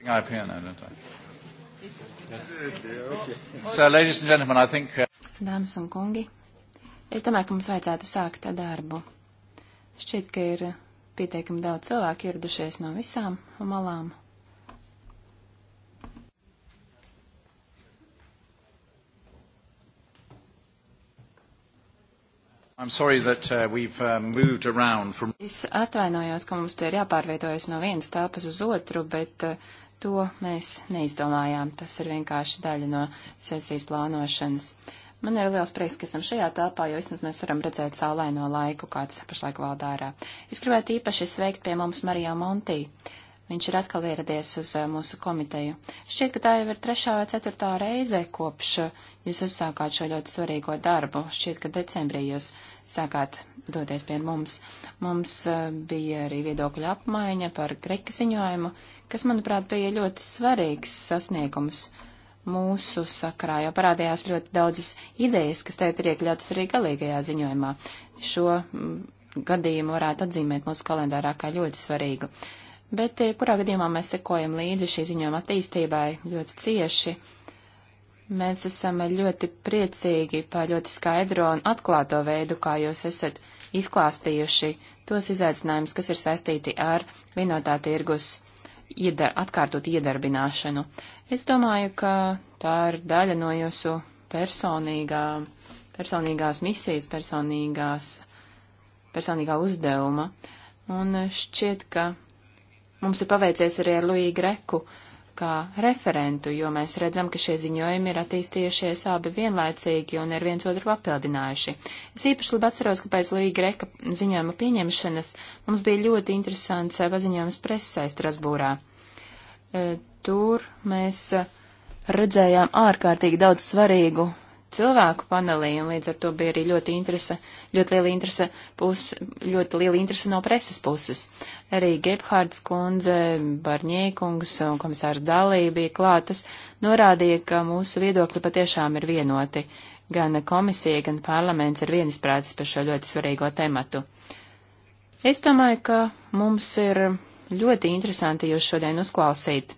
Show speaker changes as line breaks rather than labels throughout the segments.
Uh,
Dāmas un kungi, es domāju, ka mums vajadzētu sākt darbu. Šķiet, ka ir pietiekami daudz cilvēku ieradušies no visām malām. That, uh, um, from... Es atvainojos, ka mums te ir jāpārvietojas no vienas telpas uz otru, bet uh, To mēs neizdomājām, tas ir vienkārši daļa no sesijas plānošanas. Man ir liels prieks, ka esam šajā telpā, jo vismaz mēs varam redzēt saulaino laiku, kāds pašlaik valda ārā. Es gribētu īpaši sveikt pie mums Marijā Montī. Viņš ir atkal ieradies uz eh, mūsu komiteju. Šķiet, ka tā jau ir trešā vai ceturtā reize, kopš eh, jūs uzsākāt šo ļoti svarīgo darbu. Šķiet, ka decembrī jūs sākāt doties pie mums. Mums eh, bija arī viedokļa apmaiņa par greka ziņojumu, kas, manuprāt, bija ļoti svarīgs sasniegums. Mūsu sakrā jau parādījās ļoti daudzas idejas, kas tagad ir iekļautas arī galīgajā ziņojumā. Šo mm, gadījumu varētu atzīmēt mūsu kalendārā kā ļoti svarīgu. Bet, eh, kurā gadījumā mēs sekojam līdzi šī ziņojuma attīstībai ļoti cieši Mēs esam ļoti priecīgi par ļoti skaidro un atklāto veidu, kā jūs esat izklāstījuši tos izaicinājumus, kas ir saistīti ar vienotā tirgus iedar, atkārtot iedarbināšanu. Es domāju, ka tā ir daļa no jūsu personīgā, personīgās misijas, personīgās, personīgā uzdevuma. Un šķiet, ka mums ir paveicies arī ar Luiju Greku kā referentu, jo mēs redzam, ka šie ziņojumi ir attīstījušies abi vienlaicīgi un ir viens otru papildinājuši. Es īpaši labi atceros, ka pēc Līga Greka ziņojuma pieņemšanas mums bija ļoti interesants eh, paziņojums presē Strasbūrā. Eh, tur mēs eh, redzējām ārkārtīgi daudz svarīgu cilvēku panelī, un līdz ar to bija arī ļoti, interese, ļoti, liela, interese pus, ļoti liela interese no preses puses. Arī Gebhards kundze, Barņiekungs un komisārs Dalī bija klātas, norādīja, ka mūsu viedokļi patiešām ir vienoti. Gan komisija, gan parlaments ir vienisprātis par šo ļoti svarīgo tematu. Es domāju, ka mums ir ļoti interesanti jūs šodien uzklausīt.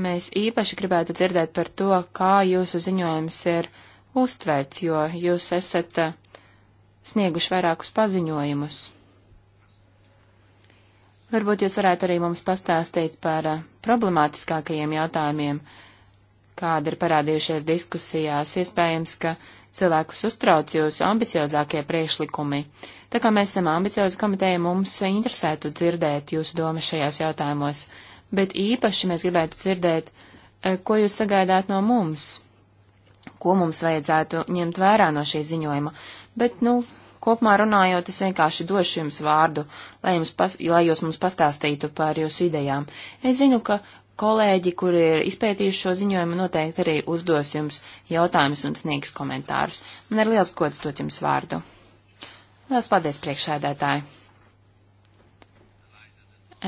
Mēs īpaši gribētu dzirdēt par to, kā jūsu ziņojums ir uztverts, jo jūs esat eh, snieguši vairākus paziņojumus. Varbūt jūs varētu arī mums pastāstīt par eh, problemātiskākajiem jautājumiem, kādi ir parādījušies diskusijās. Iespējams, ka cilvēkus uztrauc jūsu ambiciozākie priekšlikumi. Tā kā mēs esam ambiciozi komiteja, mums interesētu dzirdēt jūsu domas šajās jautājumos, bet īpaši mēs gribētu dzirdēt, eh, ko jūs sagaidāt no mums ko mums vajadzētu ņemt vērā no šī ziņojuma, bet, nu, kopumā runājot, es vienkārši došu jums vārdu, lai, jums pas, lai jūs mums pastāstītu par jūsu idejām. Es zinu, ka kolēģi, kuri ir izpētījuši šo ziņojumu, noteikti arī uzdos jums jautājumus un sniegs komentārus. Man ir liels gods dot jums vārdu. Lielas paldies, priekšēdētāji!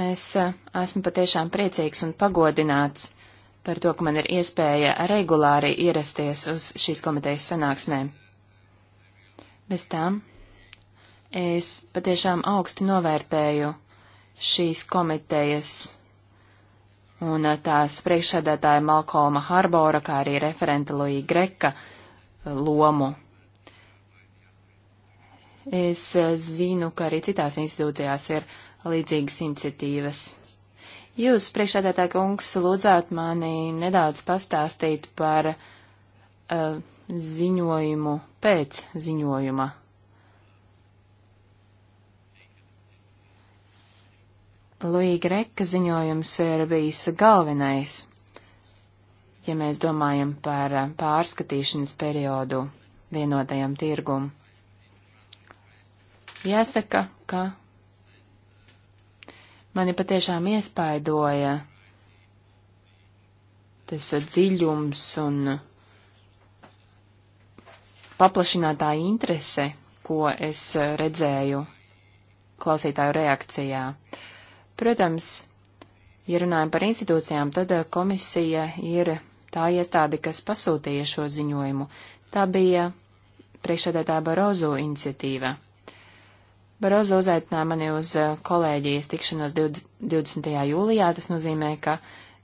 Es eh, esmu patiešām priecīgs un pagodināts par to, ka man ir iespēja regulāri ierasties uz šīs komitejas sanāksmēm. Bez tām es patiešām augstu novērtēju šīs komitejas un uh, tās priekšsēdētāja Malkoma Harbora, kā arī referenta Lūija Greka uh, lomu. Es uh, zinu, ka arī citās institūcijās ir līdzīgas iniciatīvas. Jūs, priekšādātā kungs, lūdzāt mani nedaudz pastāstīt par uh, ziņojumu pēc ziņojuma. Luija Greka ziņojums ir bijis galvenais, ja mēs domājam par pārskatīšanas periodu vienotajam tirgum. Jāsaka, ka Mani patiešām iespaidoja tas dziļums un paplašinātā interese, ko es redzēju klausītāju reakcijā. Protams, ja runājam par institūcijām, tad eh, komisija ir tā iestāde, kas pasūtīja šo ziņojumu. Tā bija priekšsēdētāja Barozo iniciatīva. Barozo uzaicināja mani uz uh, kolēģijas tikšanos 20. jūlijā. Tas nozīmē, ka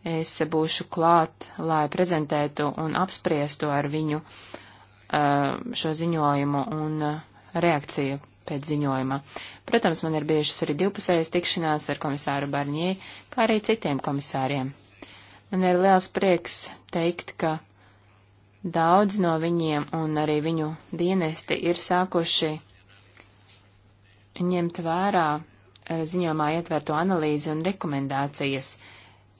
es būšu klāt, lai prezentētu un apspriestu ar viņu uh, šo ziņojumu un uh, reakciju pēc ziņojuma. Protams, man ir bijušas arī divpusējas tikšanās ar komisāru Barņē, kā arī citiem komisāriem. Man ir liels prieks teikt, ka daudz no viņiem un arī viņu dienesti ir sākuši ņemt vērā e, ziņojumā ietverto analīzi un rekomendācijas.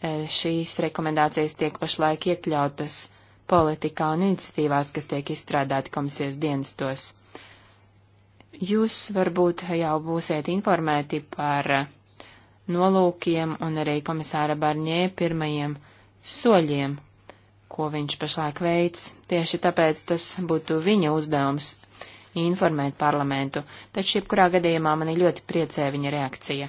E, šīs rekomendācijas tiek pašlaik iekļautas politikā un iniciatīvās, kas tiek izstrādāti komisijas dienestos. Jūs varbūt jau būsiet informēti par nolūkiem un arī komisāra Barņē pirmajiem soļiem, ko viņš pašlaik veids. Tieši tāpēc tas būtu viņa uzdevums informēt parlamentu, taču jebkurā gadījumā mani ļoti priecē viņa reakcija.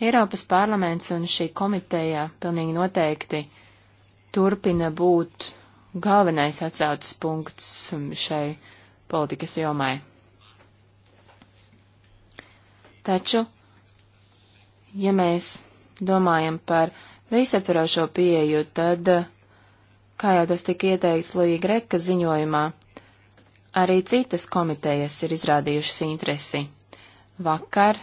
Eiropas parlaments un šī komiteja pilnīgi noteikti turpina būt galvenais atsaucas punkts šai politikas jomai. Taču, ja mēs domājam par visaptvarošo pieeju, tad, kā jau tas tika ieteikts Līga Greka ziņojumā, Arī citas komitejas ir izrādījušas interesi. Vakar,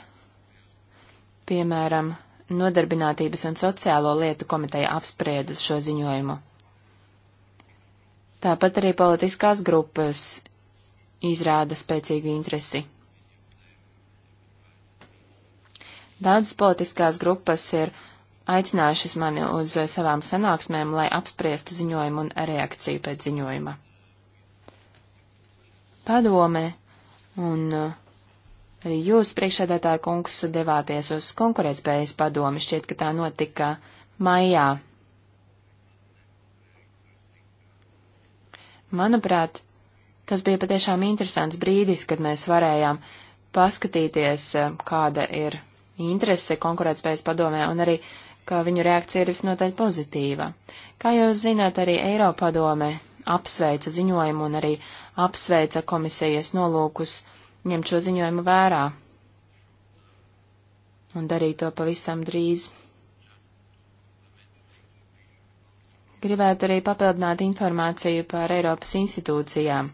piemēram, Nodarbinātības un sociālo lietu komiteja apsprieda šo ziņojumu. Tāpat arī politiskās grupas izrāda spēcīgu interesi. Daudzas politiskās grupas ir aicinājušas mani uz savām sanāksmēm, lai apspriestu ziņojumu un reakciju pēc ziņojuma padomē un uh, arī jūs priekšēdētāja kungs devāties uz konkurētspējas padomi, šķiet, ka tā notika maijā. Manuprāt, tas bija patiešām interesants brīdis, kad mēs varējām paskatīties, uh, kāda ir interese konkurētspējas padomē un arī ka viņu reakcija ir visnotaļ pozitīva. Kā jūs zināt, arī Eiropadome apsveica ziņojumu un arī apsveica komisijas nolūkus ņemt šo ziņojumu vērā un darīt to pavisam drīz. Gribētu arī papildināt informāciju par Eiropas institūcijām.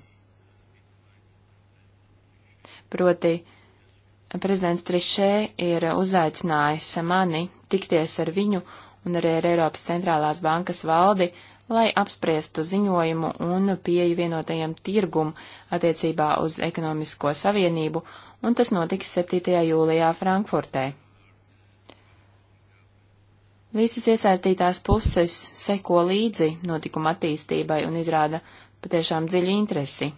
Proti, prezidents Trišē ir uzaicinājis mani tikties ar viņu un arī ar Eiropas centrālās bankas valdi, uh, lai apspriestu ziņojumu un pieeju vienotajam tirgum attiecībā uz ekonomisko savienību, un tas notiks 7. jūlijā Frankfurtē. Visas iesaistītās puses seko līdzi notikuma attīstībai un izrāda patiešām dziļu interesi.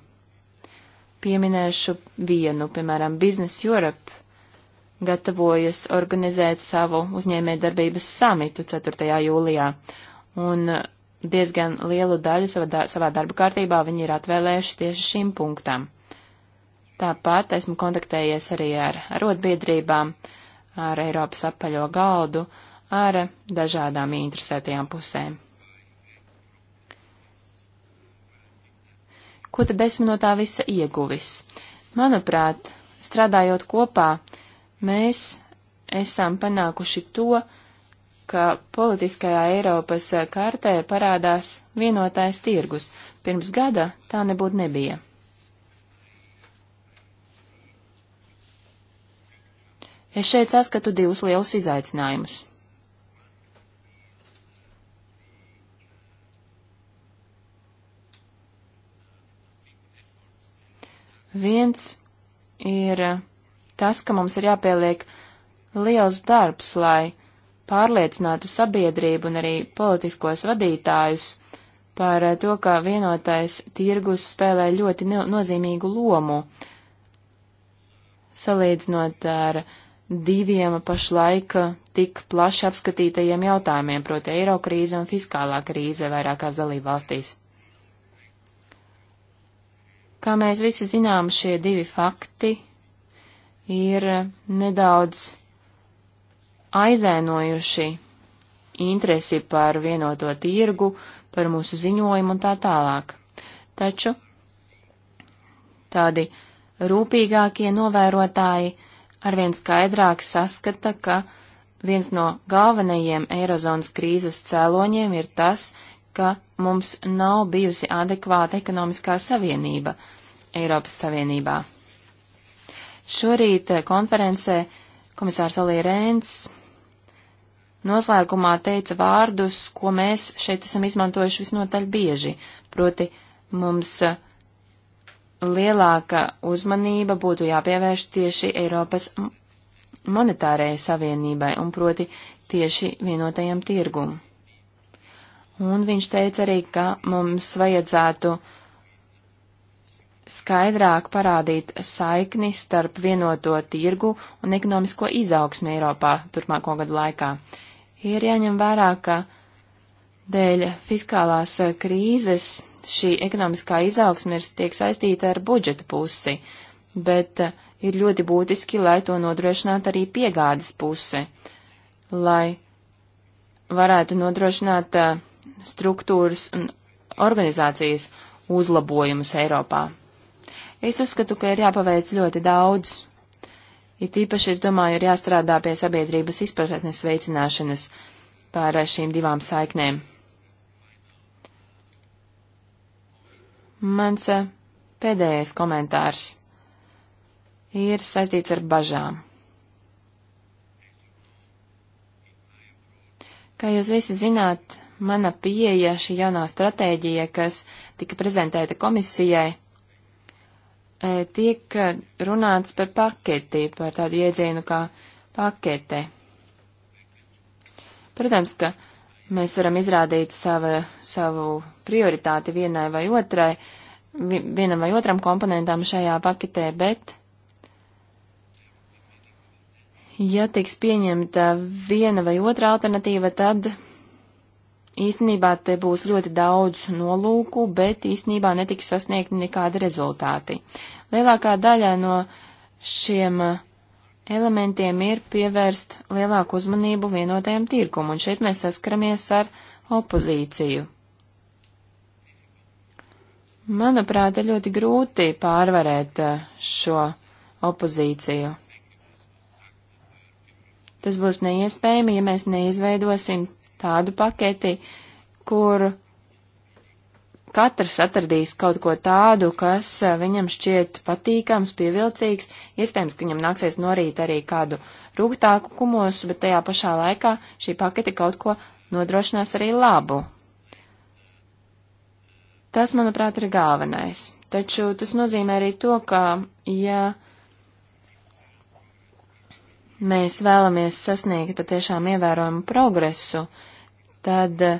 Pieminēšu vienu, piemēram, Business Europe gatavojas organizēt savu uzņēmējdarbības samitu 4. jūlijā, un diezgan lielu daļu savā, da savā darba kārtībā viņi ir atvēlējuši tieši šim punktam. Tāpat esmu kontaktējies arī ar arotbiedrībām, ar Eiropas apaļo galdu, ar dažādām interesētajām pusēm. Ko tad esmu no tā visa ieguvis? Manuprāt, strādājot kopā, mēs esam panākuši to, ka politiskajā Eiropas kartē parādās vienotais tirgus. Pirms gada tā nebūtu nebija. Es šeit saskatu divus lielus izaicinājumus. Viens ir tas, ka mums ir jāpieliek liels darbs, lai pārliecinātu sabiedrību un arī politiskos vadītājus par eh, to, ka vienotais tirgus spēlē ļoti nozīmīgu lomu, salīdzinot ar diviem pašlaik tik plaši apskatītajiem jautājumiem, proti eiro krīze un fiskālā krīze vairākās dalībvalstīs. Kā mēs visi zinām, šie divi fakti ir nedaudz aizēnojuši interesi par vienoto tirgu, par mūsu ziņojumu un tā tālāk. Taču tādi rūpīgākie novērotāji arvien skaidrāk saskata, ka viens no galvenajiem Eirozonas krīzes cēloņiem ir tas, ka mums nav bijusi adekvāta ekonomiskā savienība Eiropas Savienībā. Šorīt konferencē komisārs Olī Rēns noslēgumā teica vārdus, ko mēs šeit esam izmantojuši visnotaļ bieži, proti mums eh, lielāka uzmanība būtu jāpievērš tieši Eiropas monetārajai savienībai un proti tieši vienotajam tirgum. Un viņš teica arī, ka mums vajadzētu skaidrāk parādīt saikni starp vienoto tirgu un ekonomisko izaugsmi Eiropā turpmāko gadu laikā. Ir jāņem vērā, ka dēļ fiskālās eh, krīzes šī ekonomiskā izaugsme tiek saistīta ar budžeta pusi, bet eh, ir ļoti būtiski, lai to nodrošinātu arī piegādes puse, lai varētu nodrošināt eh, struktūras un organizācijas uzlabojumus Eiropā. Es uzskatu, ka ir jāpaveic ļoti daudz, It īpaši, es domāju, ir jāstrādā pie sabiedrības izpratnes veicināšanas pār šīm divām saiknēm. Mans eh, pēdējais komentārs ir saistīts ar bažām. Kā jūs visi zināt, mana pieeja šī jaunā stratēģija, kas tika prezentēta komisijai, E, tiek runāts par paketi, par tādu iedzienu kā pakete. Protams, ka mēs varam izrādīt sava, savu prioritāti vienai vai otrai, vienam vai otram komponentam šajā paketē, bet ja tiks pieņemta viena vai otra alternatīva, tad īstenībā te būs ļoti daudz nolūku, bet īstenībā netiks sasniegti nekādi rezultāti. Uh, Lielākā daļa no šiem uh, elementiem ir pievērst lielāku uzmanību vienotajam tirkumu, un šeit mēs saskaramies ar opozīciju. Manuprāt, ir ļoti grūti pārvarēt uh, šo opozīciju. Tas būs neiespējami, ja mēs neizveidosim tādu paketi, kur Katrs atradīs kaut ko tādu, kas eh, viņam šķiet patīkams, pievilcīgs, iespējams, ka viņam nāksies norīt arī kādu rūgtāku kumosu, bet tajā pašā laikā šī pakete kaut ko nodrošinās arī labu. Tas, manuprāt, ir galvenais. Taču tas nozīmē arī to, ka, ja mēs vēlamies sasniegt patiešām ievērojumu progresu, tad uh,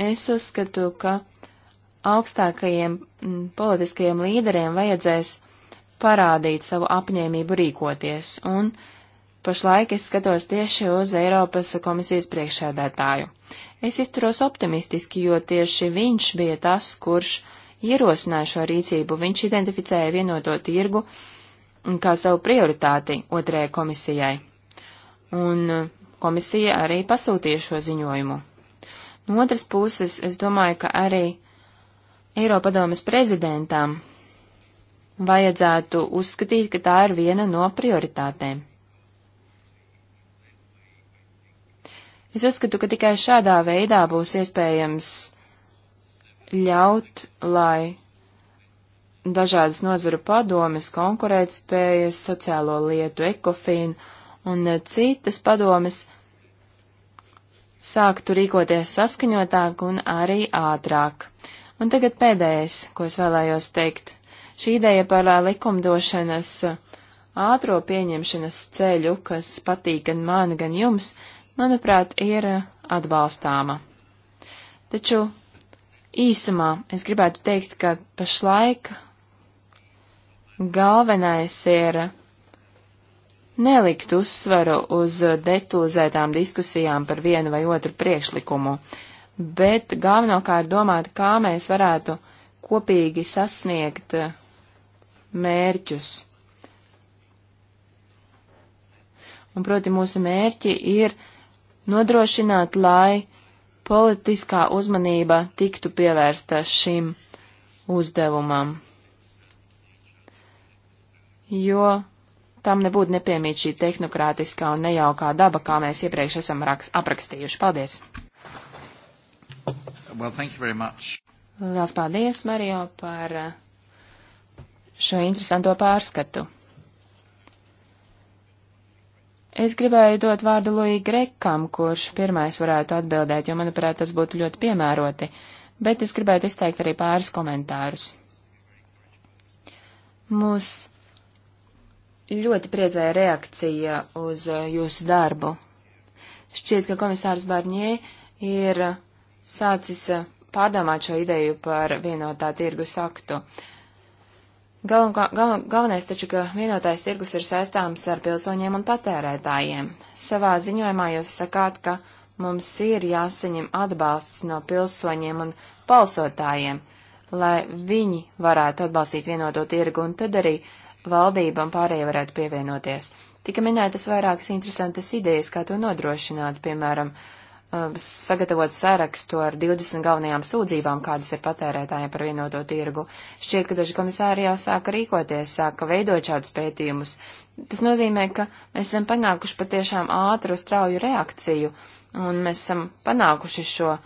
Es uzskatu, ka augstākajiem mm, politiskajiem līderiem vajadzēs parādīt savu apņēmību rīkoties, un pašlaik es skatos tieši uz Eiropas komisijas priekšēdētāju. Es izturos optimistiski, jo tieši viņš bija tas, kurš ierosināja šo rīcību, viņš identificēja vienoto tirgu kā savu prioritāti otrajai komisijai. Un mm, komisija arī pasūtīja šo ziņojumu. No otras puses, es domāju, ka arī Eiropadomes prezidentam vajadzētu uzskatīt, ka tā ir viena no prioritātēm. Es uzskatu, ka tikai šādā veidā būs iespējams ļaut, lai dažādas nozaru padomes, konkurētspējas, sociālo lietu, ekofīnu un citas padomes sāktu rīkoties saskaņotāk un arī ātrāk. Un tagad pēdējais, ko es vēlējos teikt. Šī ideja par likumdošanas ātro pieņemšanas ceļu, kas patīk gan man, gan jums, manuprāt, ir atbalstāma. Taču īsumā es gribētu teikt, ka pašlaik galvenais ir nelikt uzsvaru uz detalizētām diskusijām par vienu vai otru priekšlikumu, bet galvenokārt domāt, kā mēs varētu kopīgi sasniegt eh, mērķus. Un, proti, mūsu mērķi ir nodrošināt, lai politiskā uzmanība tiktu pievērsta šim uzdevumam. Jo tam nebūtu nepiemīt šī tehnokrātiskā un nejaukā daba, kā mēs iepriekš esam rakst, aprakstījuši. Paldies! Well, thank you very much. Lielas paldies, Mario, par uh, šo interesanto pārskatu. Es gribēju dot vārdu Lūija Grekam, kurš pirmais varētu atbildēt, jo, manuprāt, tas būtu ļoti piemēroti, bet es gribētu izteikt arī pāris komentārus. Mūs ļoti priecēja reakcija uz uh, jūsu darbu. Šķiet, ka komisārs Barņē ir uh, sācis uh, pārdomāt šo ideju par vienotā tirgus aktu. Gal, gal, galvenais taču, ka vienotais tirgus ir saistāms ar pilsoņiem un patērētājiem. Savā ziņojumā jūs sakāt, ka mums ir jāsaņem atbalsts no pilsoņiem un balsotājiem, lai viņi varētu atbalstīt vienoto tirgu, un tad arī valdība un pārējie varētu pievienoties. Tika minētas vairākas interesantas idejas, kā to nodrošināt, piemēram, um, sagatavot sarakstu ar 20 galvenajām sūdzībām, kādas ir patērētājiem par vienoto tirgu. Šķiet, ka daži komisāri jau sāka rīkoties, sāka veidot šādus pētījumus. Tas nozīmē, ka mēs esam panākuši patiešām ātru, strauju reakciju, un mēs esam panākuši šo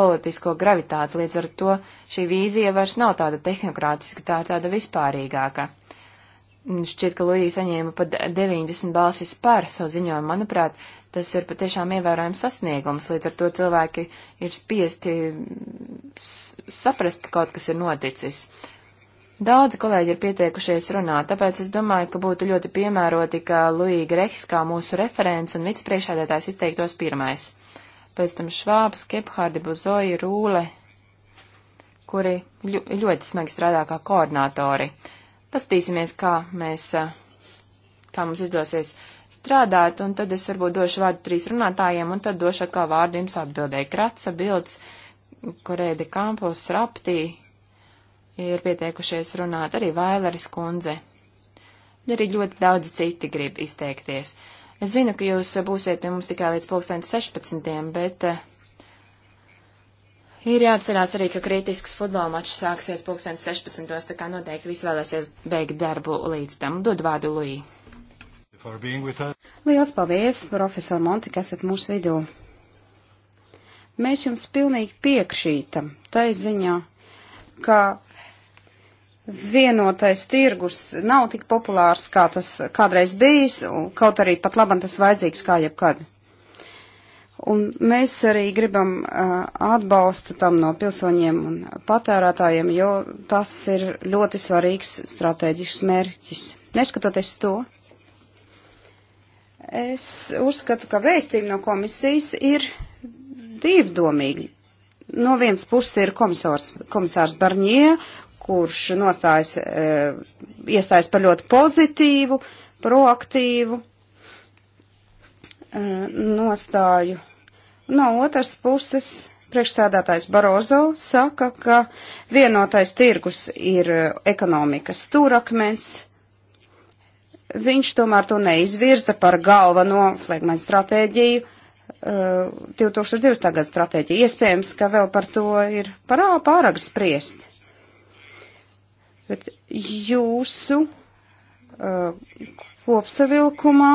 politisko gravitāti, līdz ar to šī vīzija vairs nav tāda tehnokrātiska, tā ir tāda vispārīgāka. Šķiet, ka Lūija saņēma pat 90 balsis par savu ziņojumu. Manuprāt, tas ir patiešām ievērojams sasniegums. Līdz ar to cilvēki ir spiesti saprast, ka kaut kas ir noticis. Daudzi kolēģi ir pieteikušies runāt, tāpēc es domāju, ka būtu ļoti piemēroti, ka Lūija Grehs kā mūsu referents un vicepriekšādētājs izteiktos pirmais. Pēc tam Švābs, Kephārdi, Buzoji, Rūle, kuri ļo ļoti smagi strādā kā koordinātori. Pastīsimies, kā mēs, kā mums izdosies strādāt, un tad es varbūt došu vārdu trīs runātājiem, un tad došu atkal vārdu jums atbildēji. Kratsa, Bilds, Korēdi Kampos, Raptī ir pieteikušies runāt, arī Vaileris kundze. Arī ļoti daudz citi grib izteikties. Es zinu, ka jūs būsiet pie mums tikai līdz pulkstens 16, bet uh, Ir jāatcerās arī, ka kritisks futbola mačs sāksies 2016. tā kā noteikti visi vēlēsies beigt darbu līdz tam. Dod vārdu Lūī.
Liels paldies, profesor Monti, kas esat mūsu vidū. Mēs jums pilnīgi piekrītam, tai ziņā, ka vienotais tirgus nav tik populārs, kā tas kādreiz bijis, kaut arī pat labam tas vajadzīgs kā jebkad. Un mēs arī gribam uh, atbalstu tam no pilsoņiem un patērētājiem, jo tas ir ļoti svarīgs strateģisks mērķis. Neskatoties to, es uzskatu, ka vēstījumi no komisijas ir divdomīgi. No vienas puses ir komisors, komisārs Barņie, kurš nostājas, uh, iestājas par ļoti pozitīvu, proaktīvu uh, nostāju No otras puses, priekšsēdētājs Barozo saka, ka vienotais tirgus ir eh, ekonomikas stūrakmens. Viņš tomēr to neizvirza par galveno flagmaņu stratēģiju. 2020. Eh, gada stratēģija. Iespējams, ka vēl par to ir parā, pārāk spriest. Bet jūsu uh, kopsavilkumā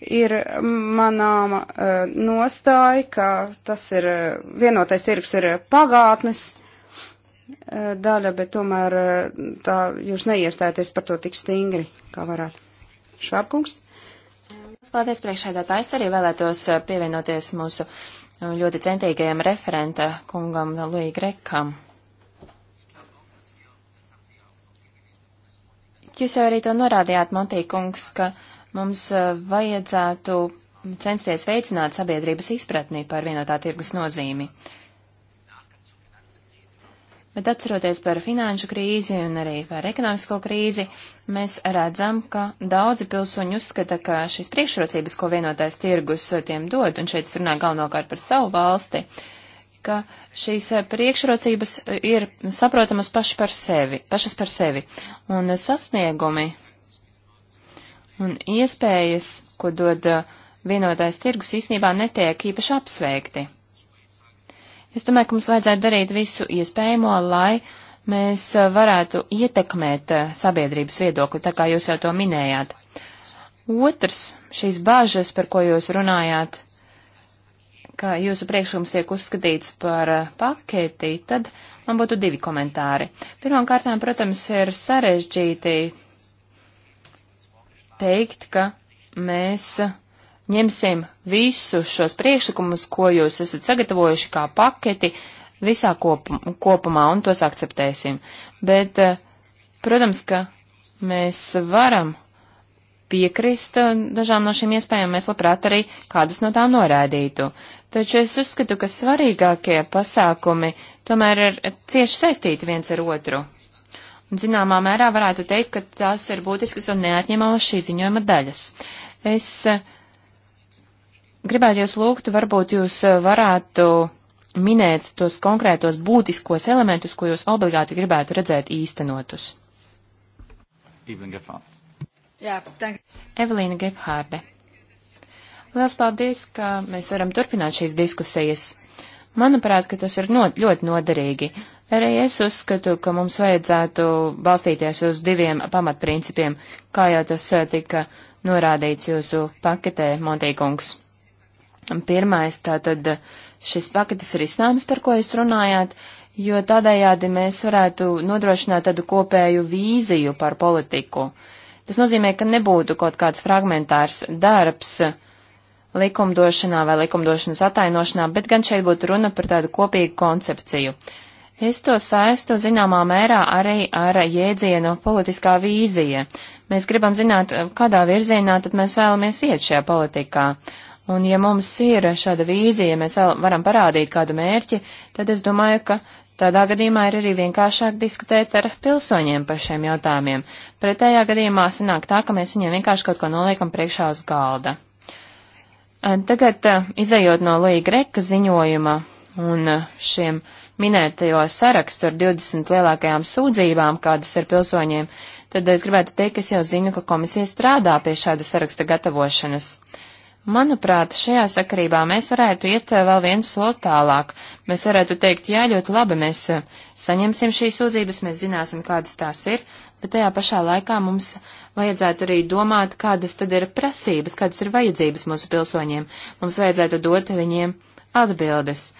ir manām uh, e, nostāja, ka tas ir e, vienotais tirgus ir pagātnes uh, daļa, bet tomēr uh, tā jūs neiestājaties par to tik stingri, kā varētu. Švābkungs?
Paldies priekšēdātājs arī vēlētos pievienoties mūsu ļoti centīgajam referenta kungam Lūija Grekam. Jūs jau arī to norādījāt, Montī kungs, ka uh, Mums vajadzētu censties veicināt sabiedrības izpratnī par vienotā tirgus nozīmi. Bet atceroties par finanšu krīzi un arī par ekonomisko krīzi, mēs redzam, ka daudzi pilsoņi uzskata, ka šīs priekšrocības, ko vienotais tirgus tiem dod, un šeit runā galvenokārt par savu valsti, ka šīs priekšrocības ir saprotamas paši par sevi, pašas par sevi, un sasniegumi Un iespējas, ko dod uh, vienotais tirgus, īstenībā netiek īpaši apsveikti. Es domāju, ka mums vajadzētu darīt visu iespējamo, lai mēs uh, varētu ietekmēt uh, sabiedrības viedokli, tā kā jūs jau to minējāt. Otrs, šīs bāžas, par ko jūs runājāt, ka jūsu priekšlikums tiek uzskatīts par paketi, tad man būtu divi komentāri. Pirmkārt, protams, ir sarežģīti teikt, ka mēs ņemsim visus šos priekšlikumus, ko jūs esat sagatavojuši kā paketi, visā kop kopumā un tos akceptēsim. Bet, eh, protams, ka mēs varam piekrist eh, dažām no šīm iespējām, mēs labprāt arī kādas no tām norādītu. Taču es uzskatu, ka svarīgākie pasākumi tomēr ir cieši saistīti viens ar otru. Un zināmā mērā varētu teikt, ka tās ir būtiskas un neatņemamas šī ziņojuma daļas. Es eh, gribētu jūs lūgt, varbūt jūs eh, varētu minēt tos konkrētos būtiskos elementus, ko jūs obligāti gribētu redzēt īstenotus. Jā, Evelīna Gebhārde. Liels paldies, ka mēs varam turpināt šīs diskusijas. Manuprāt, ka tas ir not, ļoti noderīgi. Uh, Arī es uzskatu, ka mums vajadzētu balstīties uz diviem pamatprincipiem, kā jau tas eh, tika norādīts jūsu paketē, Montīkungs. Pirmais, tātad šis paketes risinājums, par ko jūs runājāt, jo tādējādi mēs varētu nodrošināt tādu kopēju vīziju par politiku. Tas nozīmē, ka nebūtu kaut kāds fragmentārs darbs, eh, likumdošanā vai likumdošanas atainošanā, bet gan šeit būtu runa par tādu kopīgu koncepciju. Es to saistu zināmā mērā arī ar jēdzienu politiskā vīzija. Mēs gribam zināt, kādā virzienā tad mēs vēlamies iet šajā politikā. Un ja mums ir šāda vīzija, mēs vēl varam parādīt kādu mērķi, tad es domāju, ka tādā gadījumā ir arī vienkāršāk diskutēt ar pilsoņiem par šiem jautājumiem. Pretējā gadījumā sanāk tā, ka mēs viņiem vienkārši kaut ko noliekam priekšā uz galda. Tagad, eh, izējot no Līga Reka ziņojuma un eh, šiem uh, minētajo sarakstu ar 20 lielākajām sūdzībām, kādas ir pilsoņiem, tad es gribētu teikt, ka es jau zinu, ka komisija strādā pie šāda saraksta gatavošanas. Manuprāt, šajā sakarībā mēs varētu iet eh, vēl vienu soli tālāk. Mēs varētu teikt, jā, ļoti labi, mēs eh, saņemsim šīs sūdzības, mēs zināsim, kādas tās ir, bet tajā pašā laikā mums vajadzētu arī domāt, kādas tad ir prasības, kādas ir vajadzības mūsu pilsoņiem. Mums vajadzētu dot viņiem atbildes.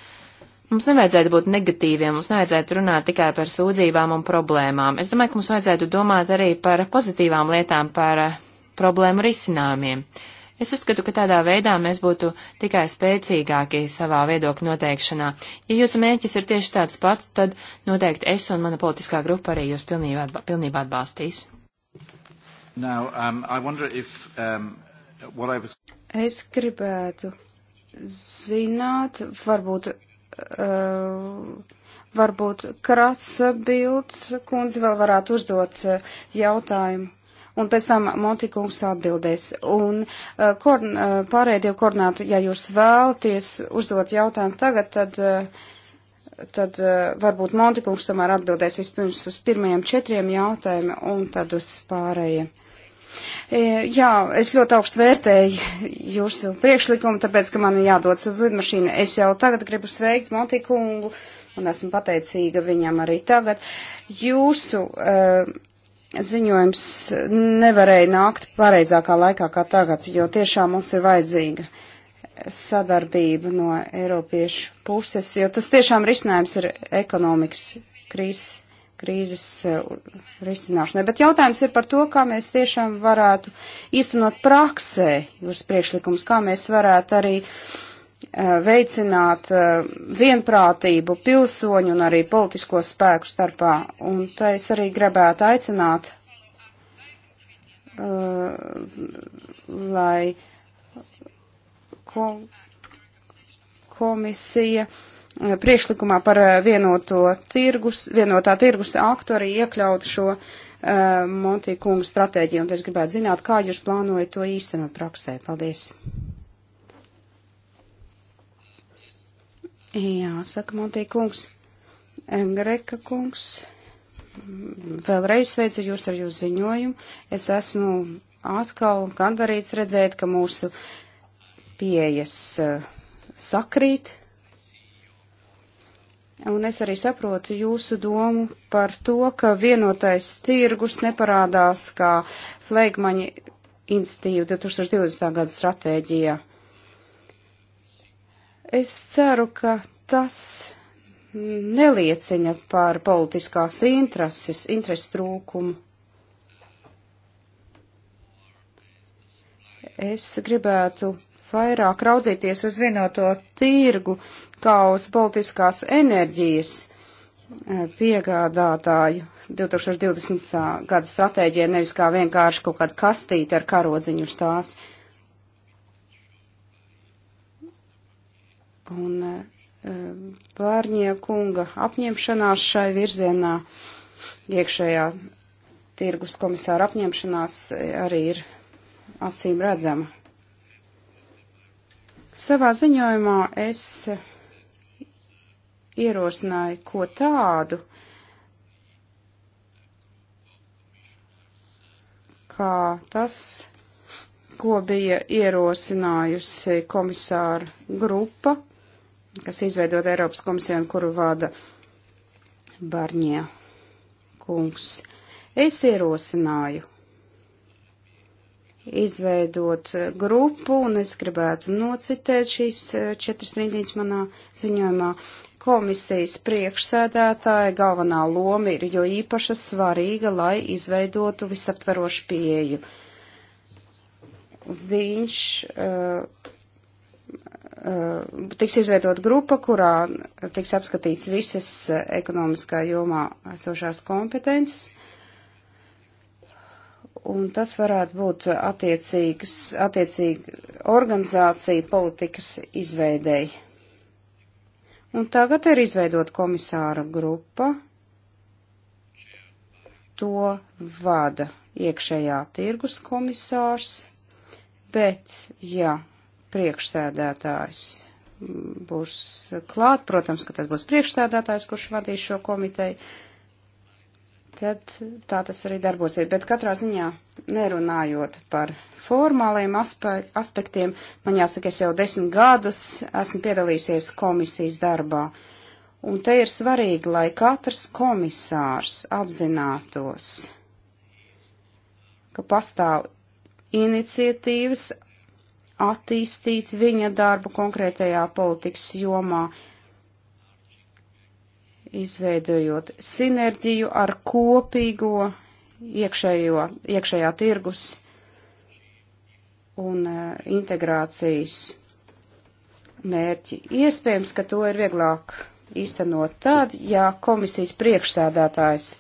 Mums nevajadzētu būt negatīviem, mums nevajadzētu runāt tikai par sūdzībām un problēmām. Es domāju, ka mums vajadzētu domāt arī par pozitīvām lietām, par eh, problēmu risinājumiem. Es uzskatu, ka tādā veidā mēs būtu tikai spēcīgāki savā viedokļa noteikšanā. Ja jūsu mērķis ir tieši tāds pats, tad noteikti es un mana politiskā grupa arī jūs pilnībā, atba pilnībā atbalstīs.
Now, um, if, um, was...
Es gribētu zināt, varbūt Eh, varbūt Kratsa Bilds kundze vēl varētu uzdot eh, jautājumu. Un pēc tam Montikungs atbildēs. Un uh, korn, uh, pārējie koordinātu, ja jūs vēlaties uzdot jautājumu tagad, tad, uh, tad uh, varbūt Montikungs tomēr atbildēs vispirms uz pirmajiem četriem jautājumiem un tad uz pārējiem. Uh, E, jā, es ļoti augstu vērtēju jūsu priekšlikumu, tāpēc, ka man ir jādodas uz lidmašīnu. Es jau tagad gribu sveikt Monti kungu, un esmu pateicīga viņam arī tagad. Jūsu uh, ziņojums nevarēja nākt pareizākā laikā kā tagad, jo tiešām mums ir vajadzīga sadarbība no Eiropiešu puses, jo tas tiešām risinājums ir ekonomikas krīzes krīzes eh, risināšanai. Bet jautājums ir par to, kā mēs tiešām varētu īstenot praksē jūras priekšlikums, kā mēs varētu arī eh, veicināt eh, vienprātību pilsoņu un arī politisko spēku starpā. Un tā es arī gribētu aicināt, lai komisija. Uh, Eh, priekšlikumā par eh, vienoto tirgus, vienotā tirgus aktu arī iekļaut šo uh, eh, Montīkunga stratēģiju, un es gribētu zināt, kā jūs plānojat to īstenot praksē. Paldies! Jā, saka Montīkungs. Greka kungs, vēlreiz sveicu jūs ar jūsu ziņojumu. Es esmu atkal gandarīts redzēt, ka mūsu pieejas uh, sakrīt Un es arī saprotu jūsu domu par to, ka vienotais tirgus neparādās kā flegmaņa institīva 2020. gada stratēģijā. Es ceru, ka tas neliecina par politiskās intereses, interesu trūkumu. Es gribētu vairāk raudzīties uz vienoto tirgu kā uz politiskās enerģijas eh, piegādātāju 2020. gada stratēģija, nevis kā vienkārši kaut kāda kastīte ar karodziņu uz tās. Un eh, Bārņie kunga apņemšanās šai virzienā, iekšējā tirgus komisāra apņemšanās eh, arī ir acīm redzama. Savā ziņojumā es ierosināju ko tādu, kā tas, ko bija ierosinājusi komisāra grupa, kas izveidot Eiropas komisiju, kuru vada Barņie kungs. Es ierosināju izveidot grupu, un es gribētu nocitēt šīs eh, četras rindiņas manā ziņojumā. Komisijas priekšsēdētāja galvenā loma ir jo īpaši svarīga, lai izveidotu visaptverošu pieeju. Viņš uh, tiks izveidot grupa, kurā tiks apskatīts visas ekonomiskā jomā esošās kompetences, un tas varētu būt attiecīgs, attiecīga organizācija politikas izveidēji. Un tagad ir izveidot komisāra grupa, to vada iekšējā tirgus komisārs, bet, ja priekšsēdētājs būs klāt, protams, ka tad būs priekšsēdētājs, kurš vadīs šo komiteju, tad tā tas arī darbosies. Bet katrā ziņā, nerunājot par formāliem aspek aspektiem, man jāsaka, es jau desmit gadus esmu piedalīsies komisijas darbā. Un te ir svarīgi, lai katrs komisārs apzinātos, ka pastāv iniciatīvas attīstīt viņa darbu konkrētajā politikas jomā, izveidojot sinerģiju ar kopīgo iekšējo, iekšējā tirgus un e, integrācijas mērķi. Iespējams, ka to ir vieglāk īstenot tad, ja komisijas priekšsēdētājs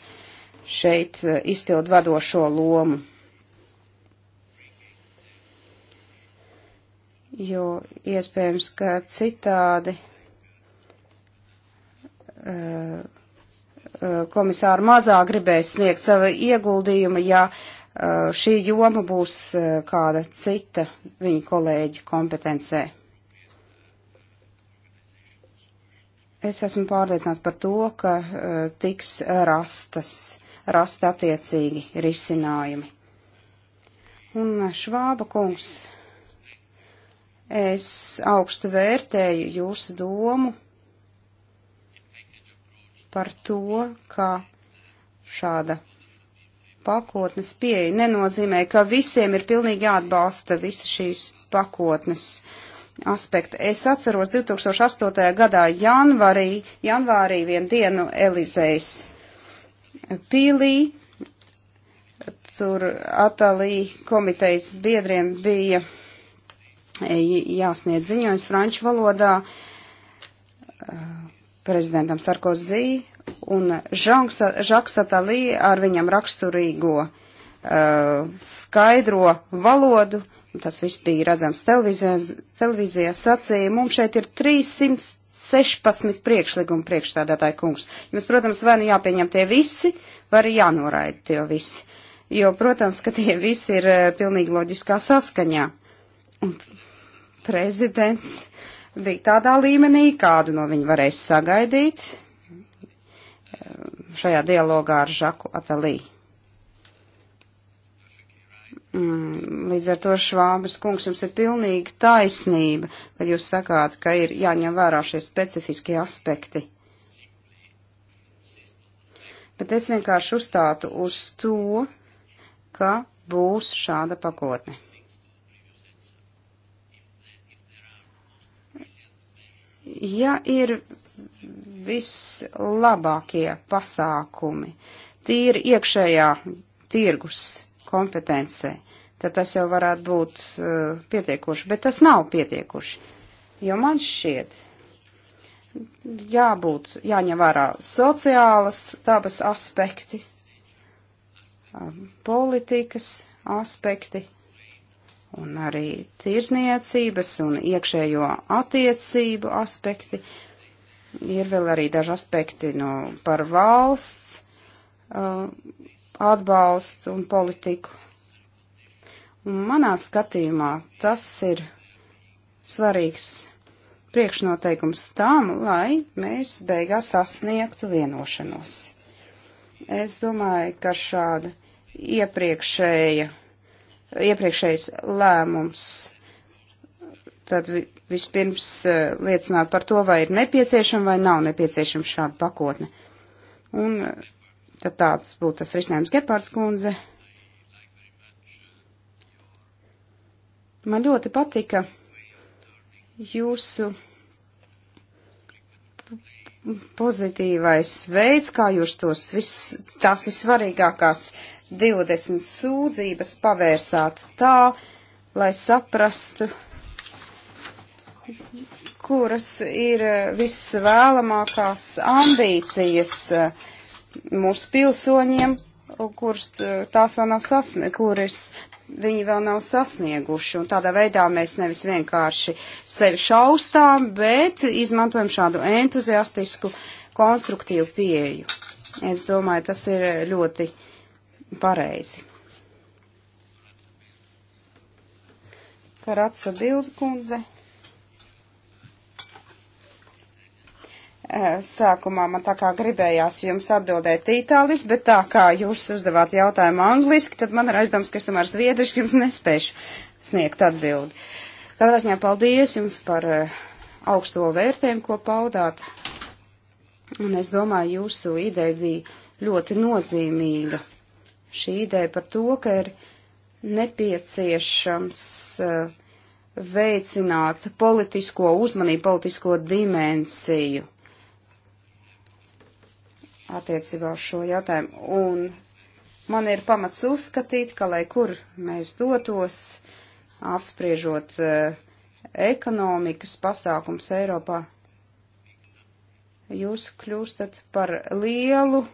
šeit e, izpild vadošo lomu. Jo iespējams, ka citādi Eh, eh, komisāra mazā gribēs sniegt savu ieguldījumu, ja eh, šī joma būs kāda cita viņa kolēģa kompetencē. Es esmu pārliecināts par to, ka tiks rastas, rasta attiecīgi risinājumi. Un Švāba kungs, es augstu vērtēju jūsu domu par to, ka šāda pakotnes pieeja nenozīmē, ka visiem ir pilnīgi jāatbalsta visas šīs pakotnes aspekti. Es atceros 2008. gadā janvarī, janvārī vienu dienu Elizejas pīlī, tur atalī komitejas biedriem bija e, jāsniedz ziņojums franču valodā. Uh, prezidentam Sarkozī un Žaksa Talī ar viņam raksturīgo uh, skaidro valodu. Tas viss bija redzams televīzijā, televīzijā sacīja, mums šeit ir 316 priekšlikumu priekšstādātāju kungs. Jums, protams, vai nu jāpieņem tie visi, vai arī jānoraida tie visi. Jo, protams, ka tie visi ir uh, pilnīgi loģiskā saskaņā. Un prezidents uh, bija tādā līmenī, kādu no viņa varēs sagaidīt eh, šajā dialogā ar Žaku Atalī. Mm, līdz ar to Švābas kungs jums ir pilnīga taisnība, kad jūs sakāt, ka ir jāņem vērā šie specifiskie aspekti. Bet es vienkārši uzstātu uz to, ka būs šāda pakotne. ja ir vislabākie pasākumi tīri iekšējā tirgus kompetencē, tad tas jau varētu būt uh, pietiekoši, bet tas nav pietiekoši, jo man šķiet, jābūt, jāņem vērā sociālas dabas aspekti, um, politikas aspekti, un arī tirzniecības un iekšējo attiecību aspekti. Ir vēl arī daži aspekti no, par valsts uh, atbalstu un politiku. Un manā skatījumā tas ir svarīgs priekšnoteikums tam, lai mēs beigās sasniegtu vienošanos. Es domāju, ka šāda iepriekšēja iepriekšējais lēmums. Tad vispirms eh, liecināt par to, vai ir nepieciešama vai nav nepieciešama šāda pakotne. Un eh, tad tāds būtu tas risinājums Gepārds kundze. Man ļoti patika jūsu pozitīvais veids, kā jūs tos vis, tās vissvarīgākās 20 sūdzības pavērsāt tā, lai saprastu, kuras ir eh, visvēlamākās ambīcijas eh, mūsu pilsoņiem, kuras eh, tās vēl nav sasniegušas, kuras viņi vēl nav sasnieguši. Un tādā veidā mēs nevis vienkārši sevi šaustām, bet izmantojam šādu entuziastisku, konstruktīvu pieeju. Es domāju, tas ir ļoti uh, pareizi. Karatsa Bildu kundze. Eh, sākumā man tā kā gribējās jums atbildēt itālis, bet tā kā jūs uzdevāt jautājumu angliski, tad man ir aizdoms, ka es tomēr zviedrišķi jums nespēšu sniegt atbildi. Katrā ziņā paldies jums par eh, augsto vērtējumu, ko paudāt. Un es domāju, jūsu ideja bija ļoti nozīmīga šī ideja par to, ka ir nepieciešams eh, veicināt politisko uzmanību, politisko dimensiju attiecībā uz šo jautājumu. Un man ir pamats uzskatīt, ka lai kur mēs dotos, apspriežot uh, ekonomikas pasākums Eiropā, jūs kļūstat par lielu uh,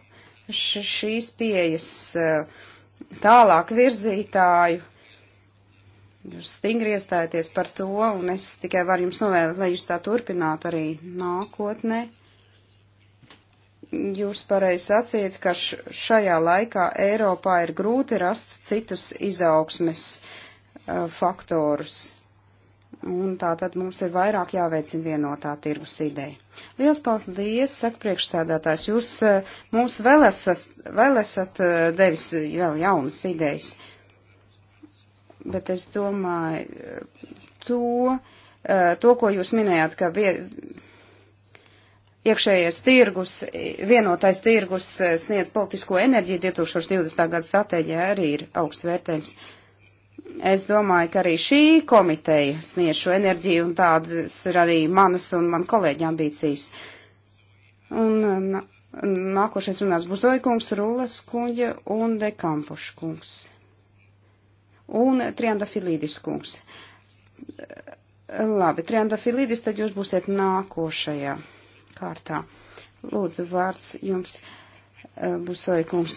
šīs pieejas eh, tālāk virzītāju. Jūs stingri iestājieties par to, un es tikai varu jums novēlēt, lai jūs tā turpinātu arī nākotnē. Jūs pareizi sacījat, ka šajā laikā Eiropā ir grūti rast citus izaugsmes uh, faktorus un tā tad mums ir vairāk jāveicina vienotā tirgus ideja. Lielas paldies, saka priekšsēdētājs, jūs eh, mums vēl esat, vēl esat eh, devis vēl jaunas idejas. Bet es domāju, eh, to, to ko jūs minējāt, ka vie, iekšējais tirgus, vienotais tirgus sniedz politisko enerģiju 2020. gada stratēģijā arī ir augsts vērtējums. Uh, Es domāju, ka arī šī komiteja sniedz šo enerģiju, un tādas ir arī manas un man kolēģi ambīcijas. Un nākošais runās Buzoikungs, Rūles kuņa un Dekampuša kungs. Un Trianda Filīdis kungs. Labi, Trianda Filīdis, tad jūs būsiet nākošajā kārtā. Lūdzu, vārds jums. Uh, Eh, Busoja kungs.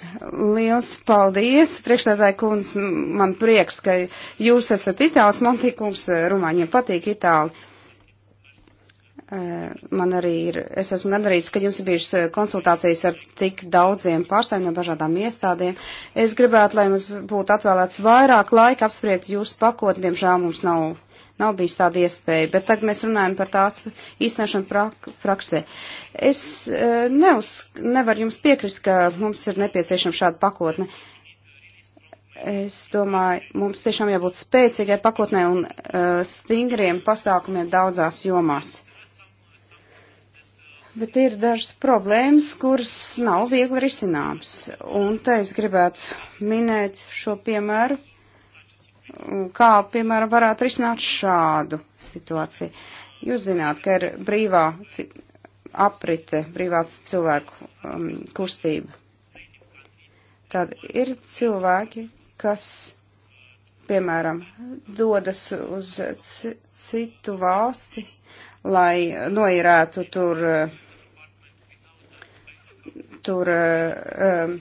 Liels paldies, priekšstādāja kungs, man prieks, ka jūs esat itāls, man tik kungs, eh, rumāņiem patīk itāli. Eh, man arī ir, es esmu gandarīts, ka jums ir bijušas konsultācijas ar tik daudziem pārstāvjiem no dažādām iestādēm. Es gribētu, lai mums būtu atvēlēts vairāk laika apspriest jūsu pakotni, diemžēl mums nav nav bijis tāda iespēja, bet tagad mēs runājam par tās īstenošanu prak praksē. Es eh, neuz, nevaru jums piekrist, ka mums ir nepieciešama šāda pakotne. Es domāju, mums tiešām jābūt spēcīgai pakotnē un uh, stingriem pasākumiem daudzās jomās. Bet ir dažas problēmas, kuras nav viegli risināmas. Un te es gribētu minēt šo piemēru kā, piemēram, varētu risināt šādu situāciju. Jūs zināt, ka ir brīvā aprite, brīvāts cilvēku um, kustība. Tad ir cilvēki, kas, piemēram, dodas uz citu valsti, lai noirētu tur, tur um,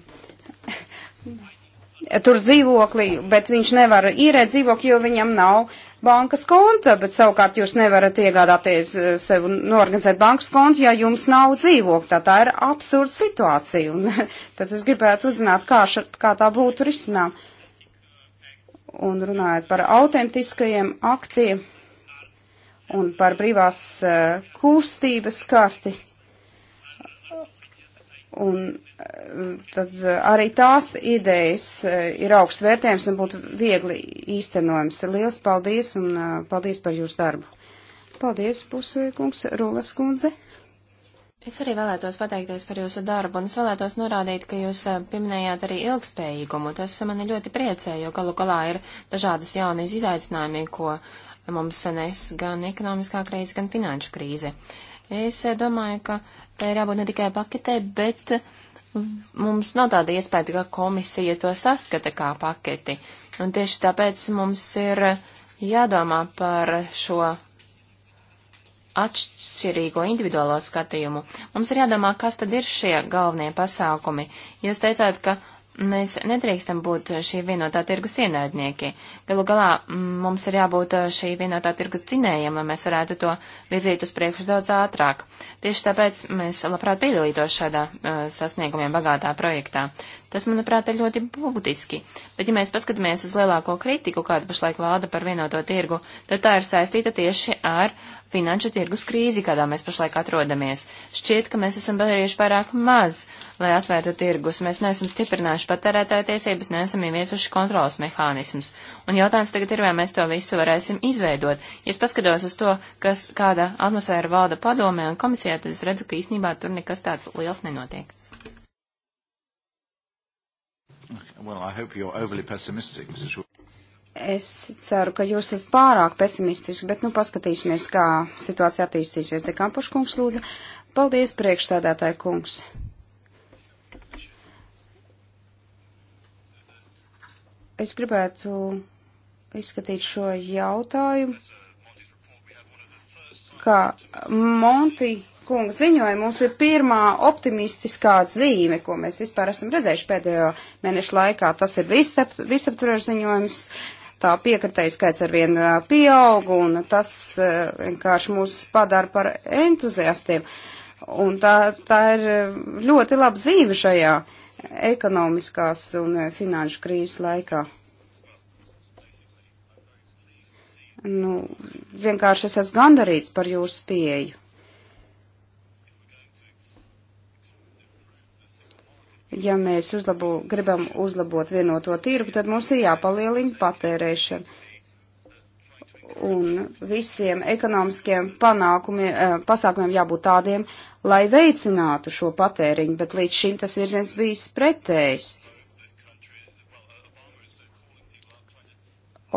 tur dzīvoklī, bet viņš nevar īrēt dzīvokli, jo viņam nav bankas konta, bet savukārt jūs nevarat iegādāties eh, sev norganizēt bankas kontu, ja jums nav dzīvokļa. Tā, tā ir absurda situācija, un pēc es gribētu uzzināt, kā, ša, kā tā būtu risinām. Un runājot par autentiskajiem aktiem un par brīvās uh, kustības karti. Uh, Un eh, tad eh, arī tās idejas eh, ir augsts vērtējums un būtu viegli īstenojams. Liels paldies un paldies par jūsu darbu. Paldies, pusvīkums, Rūles kundze.
Es arī vēlētos pateikties par jūsu darbu, un es vēlētos norādīt, ka jūs pieminējāt arī ilgspējīgumu. Tas mani ļoti priecē, jo galu galā ir dažādas jaunas izaicinājumi, ko mums nes gan ekonomiskā krīze, gan finanšu krīze. Uh, Es domāju, ka tai ir jābūt ne tikai paketē, bet mums nav tāda iespēja, ka komisija to saskata kā paketi. Un tieši tāpēc mums ir jādomā par šo atšķirīgo individuālo skatījumu. Mums ir jādomā, kas tad ir šie galvenie pasākumi. Jūs teicāt, ka Mēs nedrīkstam būt šī vienotā tirgus ienaidnieki. Galu galā mm, mums ir jābūt uh, šī vienotā tirgus cinējiem, lai mēs varētu to virzīt uz priekšu daudz ātrāk. Tieši tāpēc mēs labprāt piedalītos šādā uh, sasniegumiem bagātā projektā. Tas, manuprāt, ir ļoti būtiski. Bet, ja mēs paskatāmies uz lielāko kritiku, kāda pašlaik valda par vienoto tirgu, tad tā ir saistīta tieši ar finanšu tirgus krīzi, kādā mēs pašlaik atrodamies. Šķiet, ka mēs esam padarījuši pārāk maz, lai atvērtu tirgus. Mēs neesam stiprinājuši patērētāju tiesības, neesam ieviesuši kontrolas mehānismus. Un jautājums tagad ir, vai mēs to visu varēsim izveidot. Ja es paskatos uz to, kas, kāda atmosfēra valda padomē un komisijā, tad es redzu, ka īstenībā tur nekas tāds liels nenotiek. Well, I hope you're overly pessimistic,
Mr. Schultz. Es ceru, ka jūs esat pārāk pesimistiski, bet nu paskatīsimies, kā situācija attīstīsies. Dekampuš kungs lūdzu. Paldies, priekšsēdētāji kungs. Es gribētu izskatīt šo jautājumu, kā Monti kunga ziņoja, mums ir pirmā optimistiskā zīme, ko mēs vispār esam redzējuši pēdējo mēnešu laikā. Tas ir visaptvarošs ziņojums, tā piekritēju skaits ar vien pieaug, un tas vienkārši mūs padara par entuziastiem. Un tā, tā ir ļoti laba zīme šajā ekonomiskās un finanšu krīzes laikā. Nu, vienkārši es esmu gandarīts par jūsu pieeju. ja mēs uzlabo, gribam uzlabot vienoto tirgu, tad mums ir jāpalielina patērēšana. Un visiem ekonomiskiem panākumiem, eh, pasākumiem jābūt tādiem, lai veicinātu šo patēriņu, bet līdz šim tas virziens bijis pretējs.